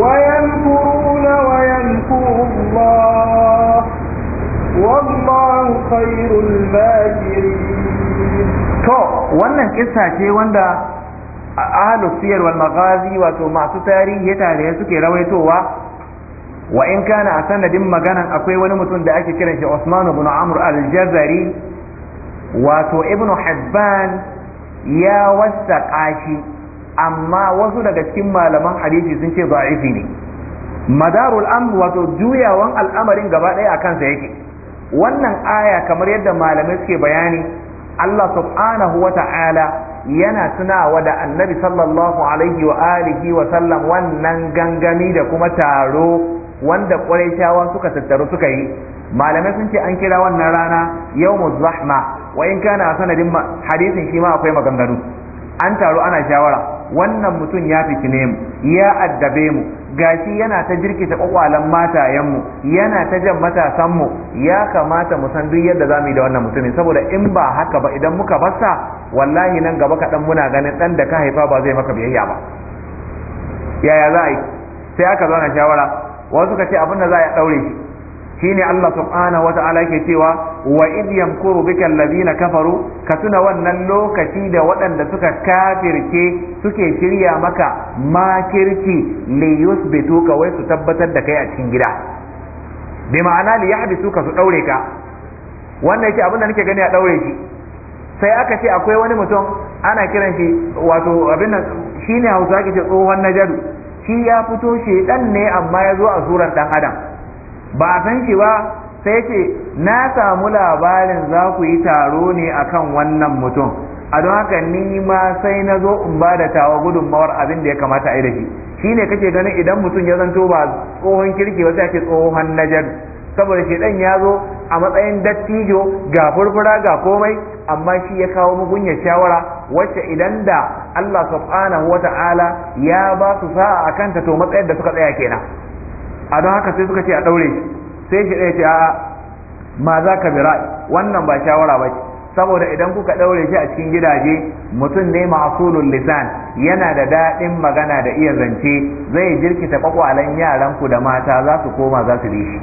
ويمكرون وينكر الله والله خير الماكرين to wannan kissa ce wanda ahlus siyar wal magazi wato masu tarihi tare suke rawaitowa wa in kana a sanadin maganan akwai wani mutum da ake kiran shi Usman ibn Amr al-Jazari wato ibn Hibban ya wasaƙa shi amma wasu daga cikin malaman hadisi sun ce ba da'ifi ne madarul amr wato juyawan al'amarin gaba ɗaya a kansa yake wannan aya kamar yadda malamai suke bayani Allah subhanahu wa ta'ala yana tunawa da annabi sallallahu alaihi wa alihi wa sallam wannan gangami da kuma taro wanda ƙwarai suka tattaru suka yi malamai sun ce an kira wannan rana yawmuz zahma wa in kana sanadin hadisin shi ma akwai maganganu an taro ana shawara wannan mutum ya fitine mu ya addabe mu gashi yana ta jirkita kwakwalen matayen mu yana ta jan matasan mu ya kamata mu san duk yadda za mu yi da wannan mutumin saboda in ba haka ba idan muka sa wallahi nan gaba kaɗan muna ganin ɗan da ka haifa ba zai maka biyayya ba yaya za a yi sai aka zauna shawara wasu ka ce abin da za a ɗaure shi shine Allah subhanahu wa ta'ala yake cewa wa id yamkuru bika alladhina kafaru ka tuna wannan lokaci da waɗanda suka kafirce suke shirya maka makirci li ka wai su tabbatar da kai a cikin gida bi ma'ana li ka su daure ka wannan yake abin da nake gani a daure shi sai aka ce akwai wani mutum ana kiran shi wato abin nan shine Hausa ke ce tsohon najaru shi ya fito shedan ne amma ya zo a surar dan adam ba a san shi ba sai ce na samu labarin za ku yi taro ne akan wannan mutum a don haka ni ma sai na zo in ba da tawa gudunmawar abin da ya kamata a yi da shi shi ne kake ganin idan mutum ya zanto ba tsohon kirki ba sai ake tsohon najar saboda dan ya zo a matsayin dattijo ga furfura ga komai amma shi ya kawo mugunya shawara wacce idan da Allah subhanahu wata'ala ya ba su sa'a a kanta to matsayar da suka tsaya kenan a don haka sai suka ce a daure shi sai shi ɗaya ce a ma za ka bira wannan ba shawara ba ce saboda idan kuka daure shi a cikin gidaje mutum ne ma ma'asulun lisan yana da daɗin magana da iya zance zai jirkita kwakwalan yaran ku da mata za su koma za su rishi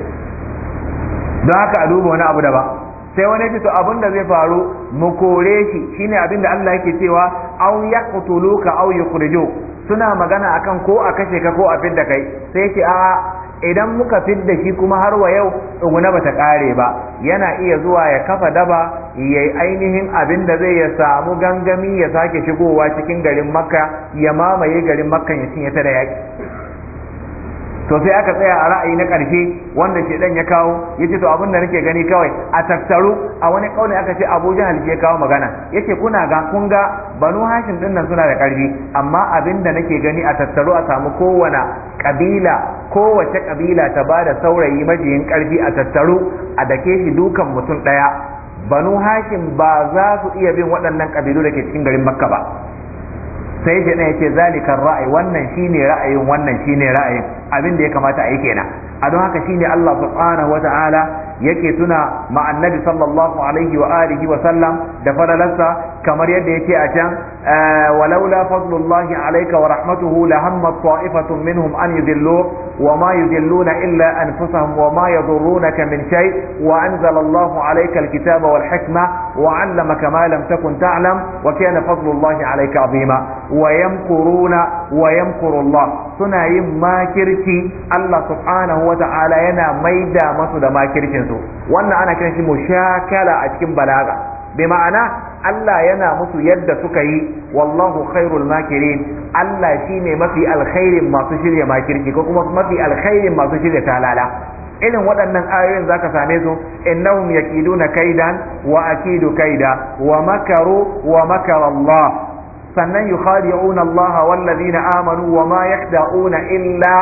don haka a duba wani abu da ba sai wani fito abin da zai faru mu kore shi shine abin da Allah yake cewa aw yaqtuluka aw yukhrijuk suna magana akan ko a kashe ka ko a fidda kai sai yake a idan muka fidda shi kuma har wa yau tsuguna ta ƙare ba yana iya zuwa ya kafa daba ya yi ainihin abin da zai ya samu gangami ya sake shigowa cikin garin makka ya mamaye garin Makka ya cinye ta da yaƙi to sai aka tsaya a ra'ayi na ƙarshe wanda ɗan ya kawo ya ce to abin da nake gani kawai a tattaru a wani ƙauni aka ce abu jahal ya kawo magana ya ce kuna ga kun ga banu hashin ɗin nan suna da ƙarfi amma abin da nake gani a tattaru a samu kowane ƙabila kowace kabila ta ba da saurayi majiyin karfi a tattaru a dake shi dukan mutum ɗaya banu hashim ba za su iya bin waɗannan kabilu da ke cikin garin makka ba sai shi ya ce zalikan ra'ayi wannan shine ra'ayin wannan shine ra'ayin abin da ya kamata a yi kenan a don haka shine Allah subhanahu wa ta'ala yake tuna ma annabi sallallahu alaihi wa alihi wa sallam da falalarsa kamar yadda yake a can eh, walaula fadlullahi alayka wa rahmatuhu la hammat ta'ifatun minhum an yudillu wa ma yudilluna illa anfusahum wa ma yadurrunaka min shay wa anzala Allahu alayka alkitaba wal hikma wa 'allamaka ma lam takun ta'lam wa kana fadlullahi alayka 'azima wa yamkuruna wa yamkuru Allah suna yin makirci Allah subhanahu wa ta'ala yana maida masu da makircin su wannan ana kiran shi mushakala a cikin balaga bi ma'ana Allah yana musu yadda suka yi wallahu khairul makirin Allah shi ne mafi alkhairin masu shirya makirki ko kuma mafi alkhairin masu shirya talala irin waɗannan ayoyin zaka same su innahum na kaidan wa akidu kaida wa makaru wa makara Allah sannan yukhadi'una Allah wallazina amanu wa ma yakhda'una illa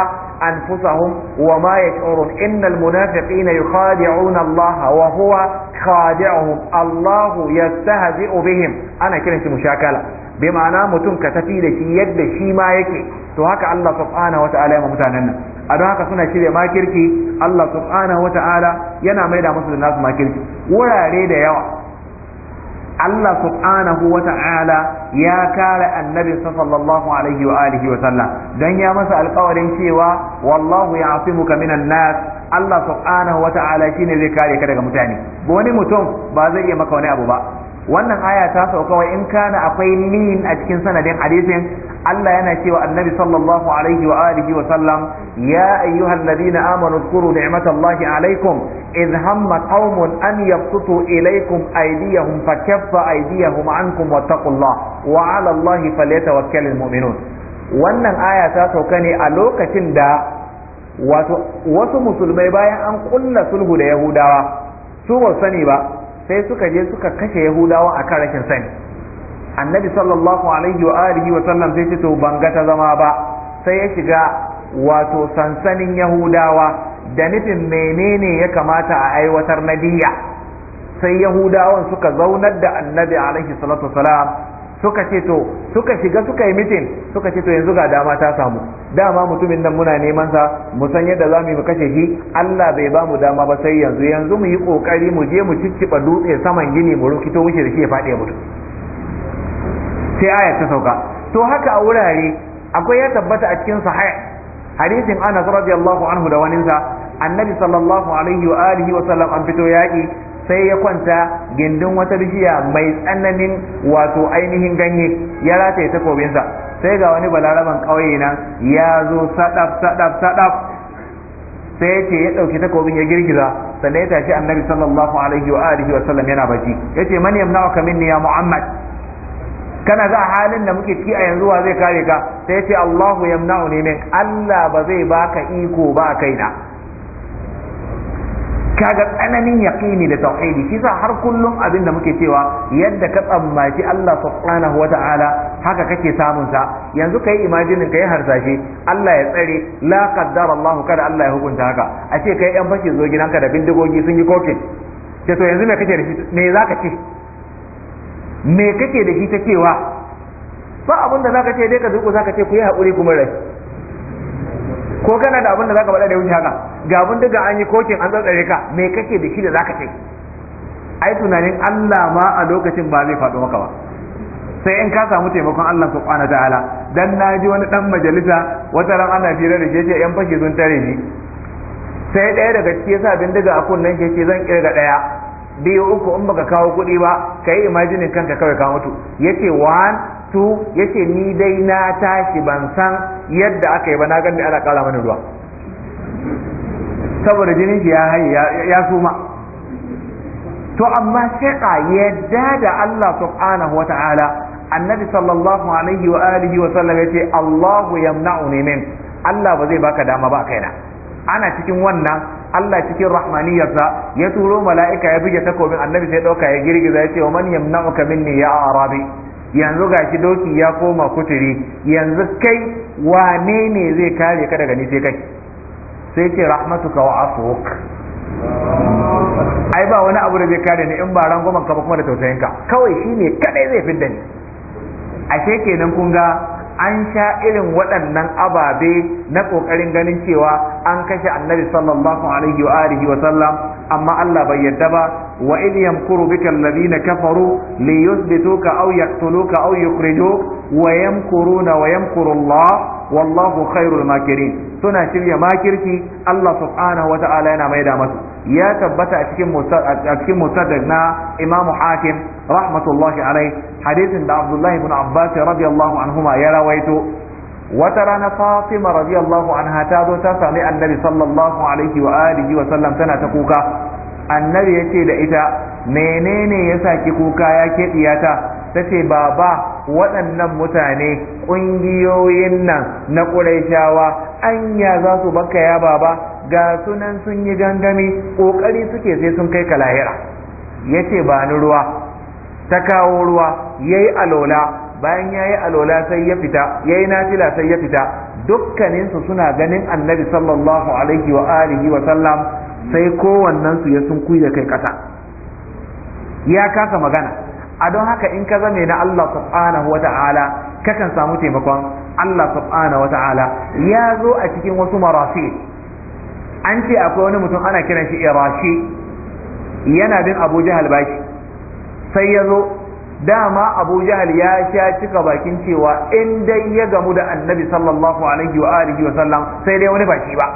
أنفسهم وما يشعرون إن المنافقين يخادعون الله وهو خادعهم الله يستهزئ بهم أنا كنت مشاكلة mutum متن كتفي لشي يد شي ما يكي to haka Allah subhanahu wata'ala ya mutanen nan a don haka suna shirya makirki Allah subhanahu wata'ala yana maida musu da nasu makirki wurare da yawa Allah subhanahu wa ta'ala ya kare annabi sallallahu alaihi wa alihi wa sallam dan ya masa alƙawarin cewa wallahu ya'simuka minan nas Allah subhanahu wa ta'ala shine zai kare ka daga mutane ba wani mutum ba zai iya maka wani abu ba wannan aya ta sauka wai in kana akwai niyin a cikin sanadin hadisin Allah yana cewa annabi sallallahu alaihi wa alihi wa sallam ya ayyuhal ladina amanu zkuru ni'matallahi alaikum idh hamma qaumun an yabsutu ilaikum aydiyahum fakaffa aydiyahum ankum wattaqullah wa 'ala allahi falyatawakkalul mu'minun wannan aya ta sauka ne a lokacin da wato wasu musulmai bayan an kulla sulhu da yahudawa su ba sani ba sai suka je suka kashe yahudawa akan rashin sani annabi sallallahu alaihi wa alihi wa sallam sai to banga ta zama ba sai ya shiga wato sansanin yahudawa da nufin menene ya kamata a aiwatar na sai yahudawan suka zaunar da annabi alaihi salatu wasalam suka ce to suka shiga suka yi mitin suka ce to yanzu ga dama ta samu dama mutumin nan muna neman sa mu san yadda za mu kashe shi Allah bai ba mu dama ba sai yanzu yanzu mu yi kokari mu je mu cicciba dutse saman gini mu rukito wuce da shi ya faɗi ya mutu sai aya ta sauka to haka a wurare akwai ya tabbata a cikin sahih hadisin Anas radiyallahu anhu da waninsa annabi sallallahu alaihi wa alihi wa sallam an fito yaki sai ya kwanta gindin wata bishiya mai tsananin wato ainihin ganye ya rataye takobinsa sai ga wani balaraban ƙauye nan ya zo sadaf sadaf sadaf sai ce ya ɗauki takobin ya girgiza sannan ya tashi annabi sallallahu alaihi wa alihi wa sallam yana bacci yace man yamna'uka minni ya muhammad kana ga halin da muke ciki a yanzu wa zai kare ka sai ya ce Allahu yamna'u ne min Allah ba zai baka iko ba kai na kaga tsananin yaqini da tauhidi shi sa har kullum abin da muke cewa yadda ka tsammaci Allah subhanahu wata'ala haka kake samun sa yanzu kai imajinin kai harsashe Allah ya tsare la qaddara Allah kada Allah ya hukunta haka a ce kai yan fashe zo gidanka da bindigogi sun yi kokin sai to yanzu me kake da shi me zaka ce me kake da shi ta cewa ba abin da ka ce dai ka zuku ka ce ku yi haƙuri kuma rai ko kana da abin da ka faɗa da wuce haka ga abin duka an yi kokin an tsatsare ka me kake da shi da za ka ce ai tunanin Allah ma a lokacin ba zai faɗo maka ba sai in ka samu taimakon Allah subhanahu ta'ala dan ji wani ɗan majalisa wata ran ana fira da jeje yan fashe sun tare ni sai ɗaya daga cikin sa bindiga a kunnen ke zan kirga ɗaya biyu uku in baka kawo kuɗi ba ka yi imajinin kanka kawai ka mutu yace one two yace ni dai na tashi ban san yadda aka yi ba na gani ana kara mani ruwa saboda jinin shi ya haye ya suma to amma shiƙa yadda da Allah subhanahu wa annabi sallallahu alaihi wa alihi wa sallam yace Allahu yamna'u min Allah ba zai baka dama ba kaina ana cikin wannan Allah cikin rahmaniyarsa ya turo mala'ika ya buge takobin annabi sai dauka ya girgiza ya ce wa man yamna'uka minni ya arabi yanzu gashi doki ya koma kuturi yanzu kai wane ne zai kare ka daga ni sai kai sai ce rahmatuka wa afuk ai ba wani abu da zai kare ni in ba rangwamen ka ba kuma da tausayinka kawai shine kadai zai fidda ni ashe kenan kun ga an sha irin waɗannan ababe na ƙoƙarin ganin cewa an kashe annabi sallallahu alaihi wa alihi wa sallam amma Allah bai yadda ba wa in yamkuru bika alladhina kafaru li yuthbituka aw yaqtuluka aw yukhrijuk wa yamkuruna wa yamkuru Allah wallahu khairul makirin suna shirya makirki Allah subhanahu wa ta'ala yana maida masu ya tabbata a cikin a cikin mustadrak na Imam Hakim rahmatullahi alai hadisin da Abdullahi ibn Abbas radiyallahu anhuma ya rawaito wata rana Fatima radiyallahu anha ta zo ta sami Annabi sallallahu alaihi wa alihi wa sallam tana ta kuka Annabi yace da ita menene yasa ki kuka ya ke diyata tace baba waɗannan mutane ƙungiyoyin nan na ƙuraishawa anya za su baka ya baba ga sunan sun yi gangami ƙoƙari suke sai sun kai ka lahira ya ce ba ni ruwa ta kawo ruwa ya yi alola bayan ya yi alola sai ya fita ya yi nafila sai ya fita dukkaninsu suna ganin annabi sallallahu alaihi wa alihi wa sallam sai kowannensu ya sun da kai ƙasa ya kasa magana a don haka in ka zame na Allah subhanahu wa ta'ala kakan samu taimakon Allah subhanahu wa ta'ala ya zo a cikin wasu marasi an ce akwai wani mutum ana kiran shi irashi yana bin abu jahal bashi sai ya zo dama abu jahal ya sha cika bakin cewa in dai ya gamu da annabi sallallahu alaihi wa alihi wa sallam sai dai wani baki ba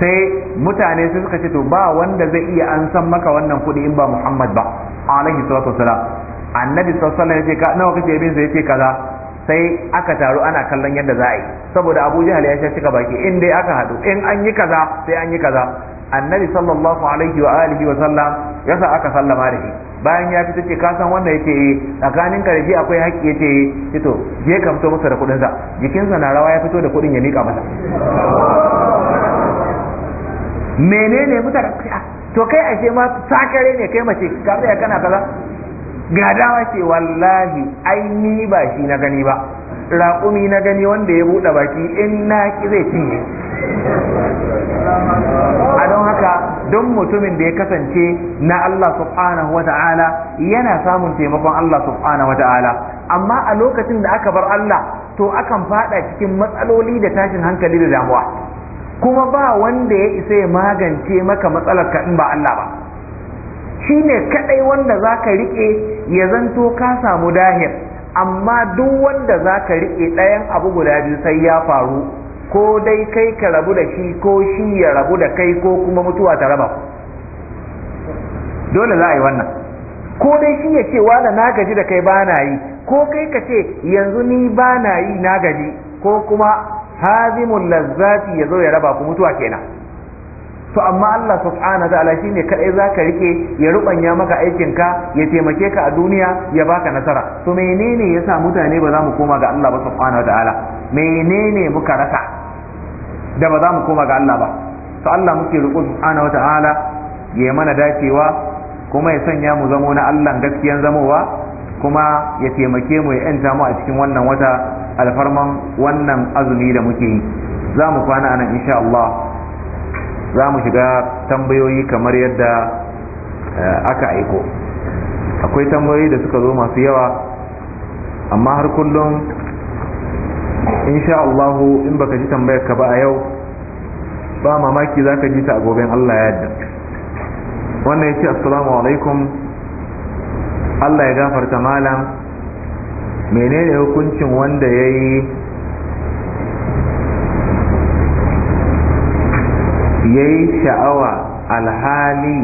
sai mutane sun suka ce to ba wanda zai iya an san maka wannan kuɗi in ba muhammad ba alaihi salatu wasalam annabi sallallahu alaihi wa sallam ya ce nawa kake bin sai ya ce kaza sai aka taru ana kallon yadda za a yi saboda abu jihal ya cika baki in dai aka haɗu in an yi kaza sai an yi kaza annabi sallallahu alaihi wa alihi wa sallam ya sa aka sallama da shi bayan ya fito ce kasan yake yi eh, tsakanin shi akwai haƙƙi yace fito eh, je ka fito masa da kuɗin sa jikinsa na rawa ya fito da kuɗin ya miƙa masa menene mutane ah, to kai ashe ma sakare ne kai mace ka tsaya kana kaza ga dawa ce wallahi ai ni ba shi na gani ba raƙumi na gani wanda ya buɗe baki in na ki zai cinye a don haka don mutumin da ya kasance na Allah subhanahu wata'ala yana samun taimakon Allah subhanahu wata'ala amma a lokacin da aka bar Allah to akan fada cikin matsaloli da tashin hankali da damuwa kuma ba wanda ya isa ya magance maka matsalar ka in ba Allah ba Shi ne kaɗai wanda za ka riƙe ya zanto ka samu dahir amma duk wanda za ka riƙe ɗayan abu guda biyu sai ya faru ko dai kai ka rabu da shi ko shi ya rabu da kai ko kuma mutuwa ta raba dole za a yi wannan ko dai shi ya ce wala na gaji da kai ba na yi ko kai ka ce yanzu ni ba na yi na gaji ko kuma hazimun lazzati ya zo ya raba ku mutuwa kenan to amma Allah subhanahu ta'ala shine kadai zaka rike ya rubanya maka aikin ka ya taimake ka a duniya ya baka nasara to menene yasa mutane ba za mu koma ga Allah ba subhanahu ta'ala menene muka rasa da ba za mu koma ga Allah ba to Allah muke roƙo subhanahu ta'ala ya mana dacewa kuma ya sanya mu zamo na Allah gaskiyan zamowa kuma ya taimake mu ya yanta mu a cikin wannan wata alfarman wannan azumi da muke yi za mu kwana anan insha Allah za mu shiga tambayoyi kamar yadda eh, aka aiko akwai tambayoyi da suka zo masu yawa amma har kullum insha Allahu in baka ji tambayar ka ba a yau ba mamaki za ka ji ta a goben Allah ya yadda wannan ya ce assalamu alaikum Allah ya gafarta malam menene hukuncin wanda ya yi yayi sha'awa alhali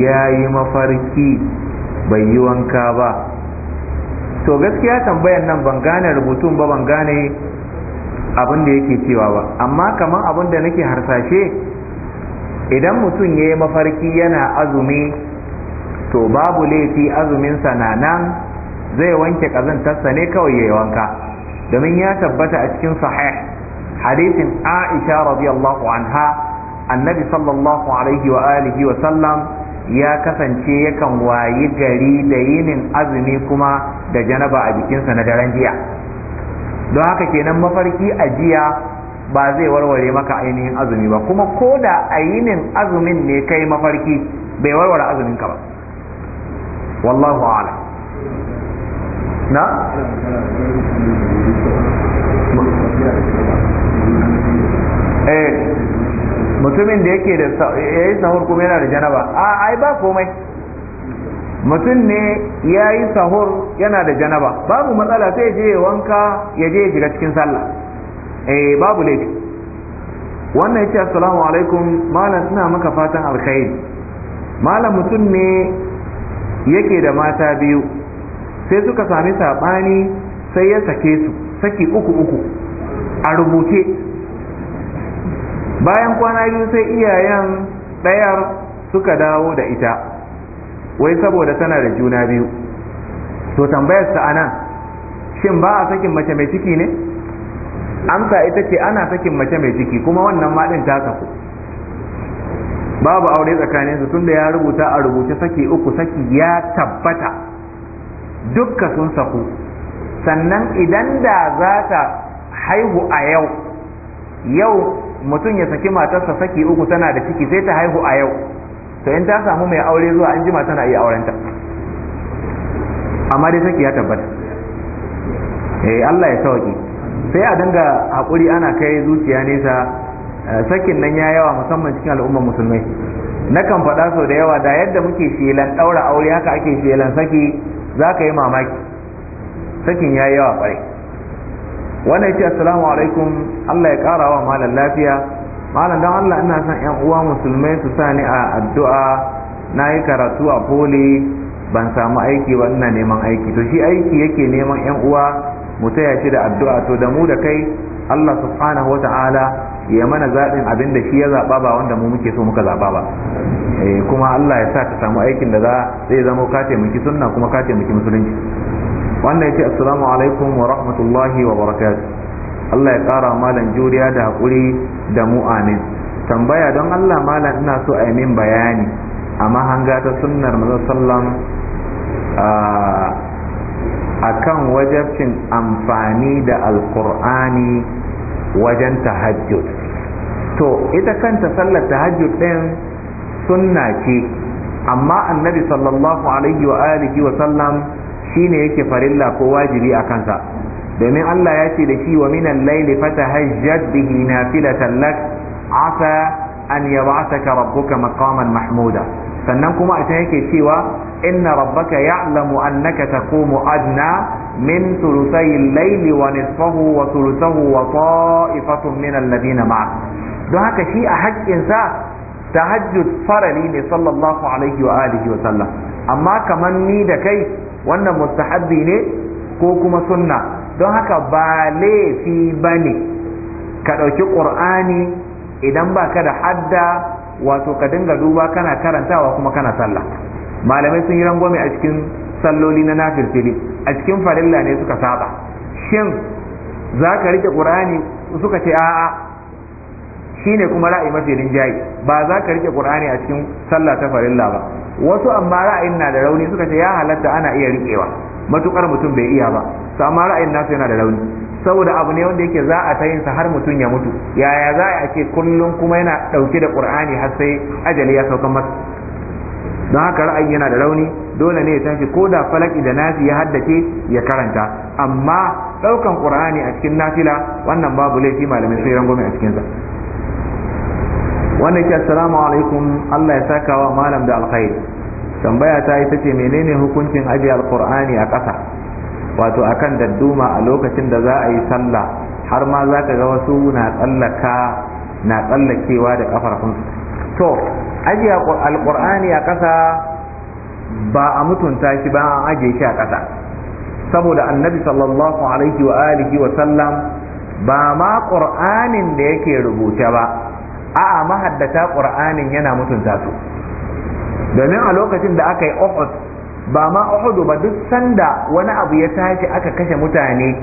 ya yi mafarki bai yi wanka ba to gaskiya tambayan nan ban gane rubutun ba ban gane abin da yake cewa ba amma kamar abin da nake harsashe idan mutum ya yi mafarki yana azumi to babu laifi azuminsa na nan zai wanke ƙazantarsa ne kawai ya yi wanka domin ya tabbata a cikin sahih hadisin aisha radiyallahu anha annabi sallallahu alaihi wa alihi wa sallam ya kasance yakan wayi gari da yinin azumi kuma da janaba a jikinsa na daren jiya don haka kenan mafarki a jiya ba zai warware maka ainihin azumi ba kuma ko da a yinin azumin ne kai mafarki bai warware azumin ka ba wallahu a'lam na eh mutumin da yake da yayi sahur kuma yana da janaba a ai ba komai mutum ne ya yi sahur yana da janaba babu matsala sai je ya wanka ya je shiga cikin sallah eh babu laifi wannan yace assalamu alaikum malam ina maka fatan alkhair malam mutum ne yake da mata biyu sai suka sami sabani sai ya sake su saki uku uku a rubuce bayan kwana biyu sai iyayen ɗayar suka dawo da ita wai saboda tana da juna biyu to tambayar ta anan shin ba a sakin mace mai ciki ne amsa ita ce ana sakin mace mai ciki kuma wannan maɗin ta saku babu aure tsakanin su tunda ya rubuta a rubuce saki uku saki ya tabbata dukka sun saku sannan idan da za ta haihu a yau yau mutum ya saki matarsa saki uku tana da ciki sai ta haihu a yau to in ta samu mai aure zuwa an jima tana iya aurenta amma dai saki ya tabbata eh Allah ya sauki sai a dinga hakuri ana kai zuciya nesa eh, sakin nan ya yawa musamman cikin al'ummar musulmai na kan faɗa sau da yawa da yadda muke shelan ɗaura aure haka ake shelan saki za ka yi mamaki sakin ya yawa ƙwarai wannan yace assalamu alaikum Allah ya kara wa malam lafiya malam dan Allah ina son yan uwa musulmai su sa ni a addu'a na yi karatu a poli ban samu aiki ba ina neman aiki to shi aiki yake neman yan uwa mu taya shi da addu'a to da mu da kai Allah subhanahu wata'ala ya mana zaɓin abinda shi ya zaɓa ba wanda mu muke so muka zaɓa ba eh, kuma Allah ya sa ka samu aikin da za zai zama ka taimaki sunna kuma ka taimaki musulunci wannan ya ce assalamu alaikum wa rahmatullahi wa barakatuh Allah ya ƙara malam juriya da haƙuri da mu amin tambaya don Allah malam ina so a yi min bayani a mahanga ta sunnar manzon sallam a kan wajabcin amfani da alkur'ani wajen tahajjud to ita kanta sallar tahajjud ɗin sunna ce amma annabi sallallahu alaihi wa alihi wa sallam shine yake farilla ko wajibi a kansa domin Allah ya ce da shi wa minan laili fatahajjat bihi nafilatan lak asa an yab'athaka rabbuka maqaman mahmuda sannan kuma a yake cewa inna rabbaka ya'lamu annaka taqumu adna min thuluthay al-layli wa nisfahu wa thuluthahu wa ta'ifatun min alladhina ma'ak don haka shi a haƙƙinsa tahajjud farali ne sallallahu alaihi wa alihi wa sallam amma kamar ni da kai wannan mustahabbi ne ko kuma sunna don haka ba laifi bane ka ɗauki ƙur'ani idan ba ka da hadda wato ka dinga duba kana karantawa kuma kana sallah malamai sun yi rangwame a cikin salloli na nafirfili a cikin farilla ne suka saba shin za ka rike ƙur'ani suka ce a'a shine kuma ra'ayi mafi rinjaye ba za ka rike qur'ani a cikin sallah ta farilla ba wasu amma ra'ayin na da rauni suka ce ya halatta ana iya rikewa matukar mutum bai iya ba to amma ra'ayin nasu yana da rauni saboda abu ne wanda yake za a ta yin sa har mutum ya mutu yaya za a ce kullum kuma yana dauke da qur'ani har sai ajali ya sauka masa don haka ra'ayi yana da rauni dole ne ya tashi ko da falaki da nasi ya haddace ya karanta amma daukan qur'ani a cikin nafila wannan babu laifi malamin sai rangwame a cikin sa wanda ke assalamu alaikum Allah ya saka wa malam da alkhairi tambaya ta ita ce menene hukuncin ajiye alkur'ani a ƙasa wato akan dadduma a lokacin da za a yi sallah har ma za ka ga wasu na tsallaka na tsallakewa da kafarfunsu to ajiye alkur'ani a ƙasa ba a mutunta shi ba an ajiye shi a ƙasa saboda annabi sallallahu alaihi wa alihi wa sallam ba ma ƙur'anin da yake rubuce ba a'a mahaddata qur'anin yana mutunta su domin a lokacin da aka yi uhud ba ma uhud ba duk sanda wani abu ya tashi aka kashe mutane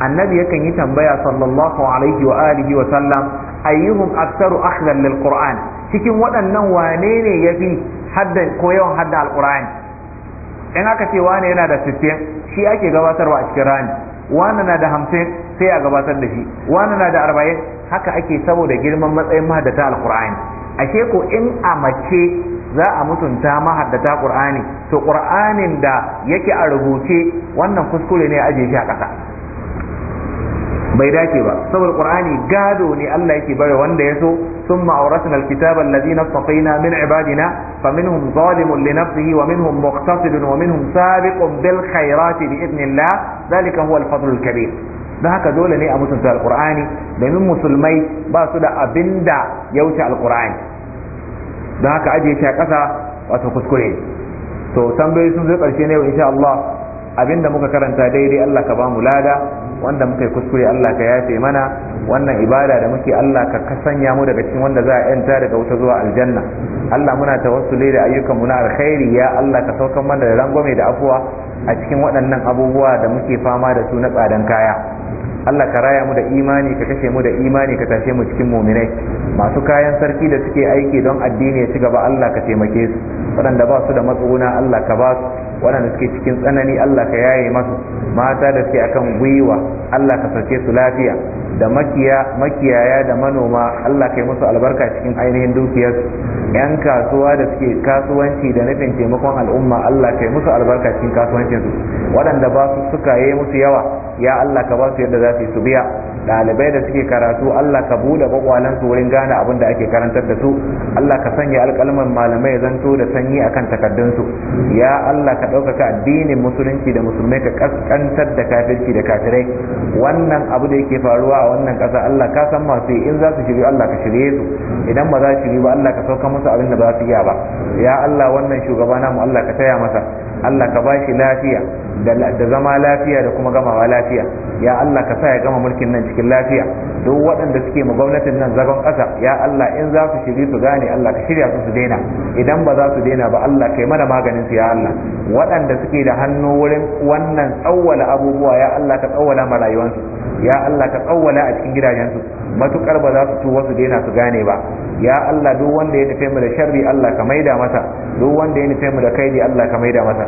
annabi yakan yi tambaya sallallahu alaihi wa alihi wa sallam ayyuhum aktsaru akhdhan lil qur'an cikin waɗannan wane ne yafi hadda ko yawan hadda qur'an in aka ce wane yana da 60 shi ake gabatarwa a cikin rani wane na da 50 sai a gabatar da shi wane na da 40 haka ake saboda girman matsayin mahaddata alkur'ani ake ko in a mace za a mutunta mahaddata qur'ani to qur'anin da yake a rubuce wannan kuskure ne aje shi a kasa bai dace ba saboda qur'ani gado ne Allah yake bare wanda ya so sun ma'auratun alkitab alladina faqina min ibadina fa minhum zalimun li nafsihi wa minhum muqtasidun wa minhum sabiqun bil bi idnillah zalika huwa al kabir don haka dole ne a mutunta alkur'ani domin musulmai ba su da abin da ya wuce alkur'ani don haka ajiye shi a ƙasa wato kuskure to tambayoyi sun zo ƙarshe ne insha Allah abin da muka karanta daidai Allah ka bamu laga lada wanda muka yi kuskure Allah ka yafe mana wannan ibada da muke Allah ka kasanya mu daga cikin wanda za a yanta daga wuta zuwa aljanna Allah muna tawassuli da ayyukan mu na alkhairi ya Allah ka saukar mana da rangwame da afuwa a cikin waɗannan abubuwa da muke fama da su na tsadan kaya Allah ka raya mu da imani ka kashe mu da imani ka tashe mu cikin muminai masu kayan sarki da suke aiki don addini ya ci gaba Allah ka taimake su waɗanda ba su da matsuguna Allah ka ba su waɗanda suke cikin tsanani Allah ka yaye masu mata da suke akan gwiwa Allah ka sace su lafiya da makiya makiyaya da manoma Allah ka yi musu albarka cikin ainihin dukiyarsu yan kasuwa da suke kasuwanci da nufin taimakon al'umma Allah ka yi musu albarka cikin kasuwancinsu waɗanda ba su suka yi musu yawa ya Allah ka ba su yadda za su yi su biya ɗalibai da suke karatu Allah ka buɗe kwakwalan su wurin gane abin da ake karantar da su Allah ka sanya alƙalman malamai zanto da sanyi akan takardun su ya Allah ka ɗaukaka addinin musulunci da musulmai ka kaskantar da kafirci da kafirai wannan abu da yake faruwa a wannan ƙasa Allah ka san masu yi in za su shiryu Allah ka shirye su idan ba za su shiryu ba Allah ka sauka musu abin da ba su iya ba ya Allah wannan shugaba namu Allah ka taya masa Allah ka bashi lafiya da zama lafiya da kuma gamawa lafiya ya Allah ka sa ya gama mulkin nan cikin lafiya duk waɗanda suke ma gwamnatin nan zagon ƙasa ya Allah in za su shiri su gane Allah ka shirya su su daina idan ba za su daina ba Allah kai mana maganin su ya Allah waɗanda suke da hannu wurin wannan tsawwala abubuwa ya Allah ka tsawwala ma rayuwansu ya Allah ka tsawwala a cikin gidajensu matukar ba za su tuwa su daina su gane ba ya Allah duk wanda ya nufe mu da sharri Allah ka maida masa duk wanda ya nufe mu da kaidi Allah ka maida masa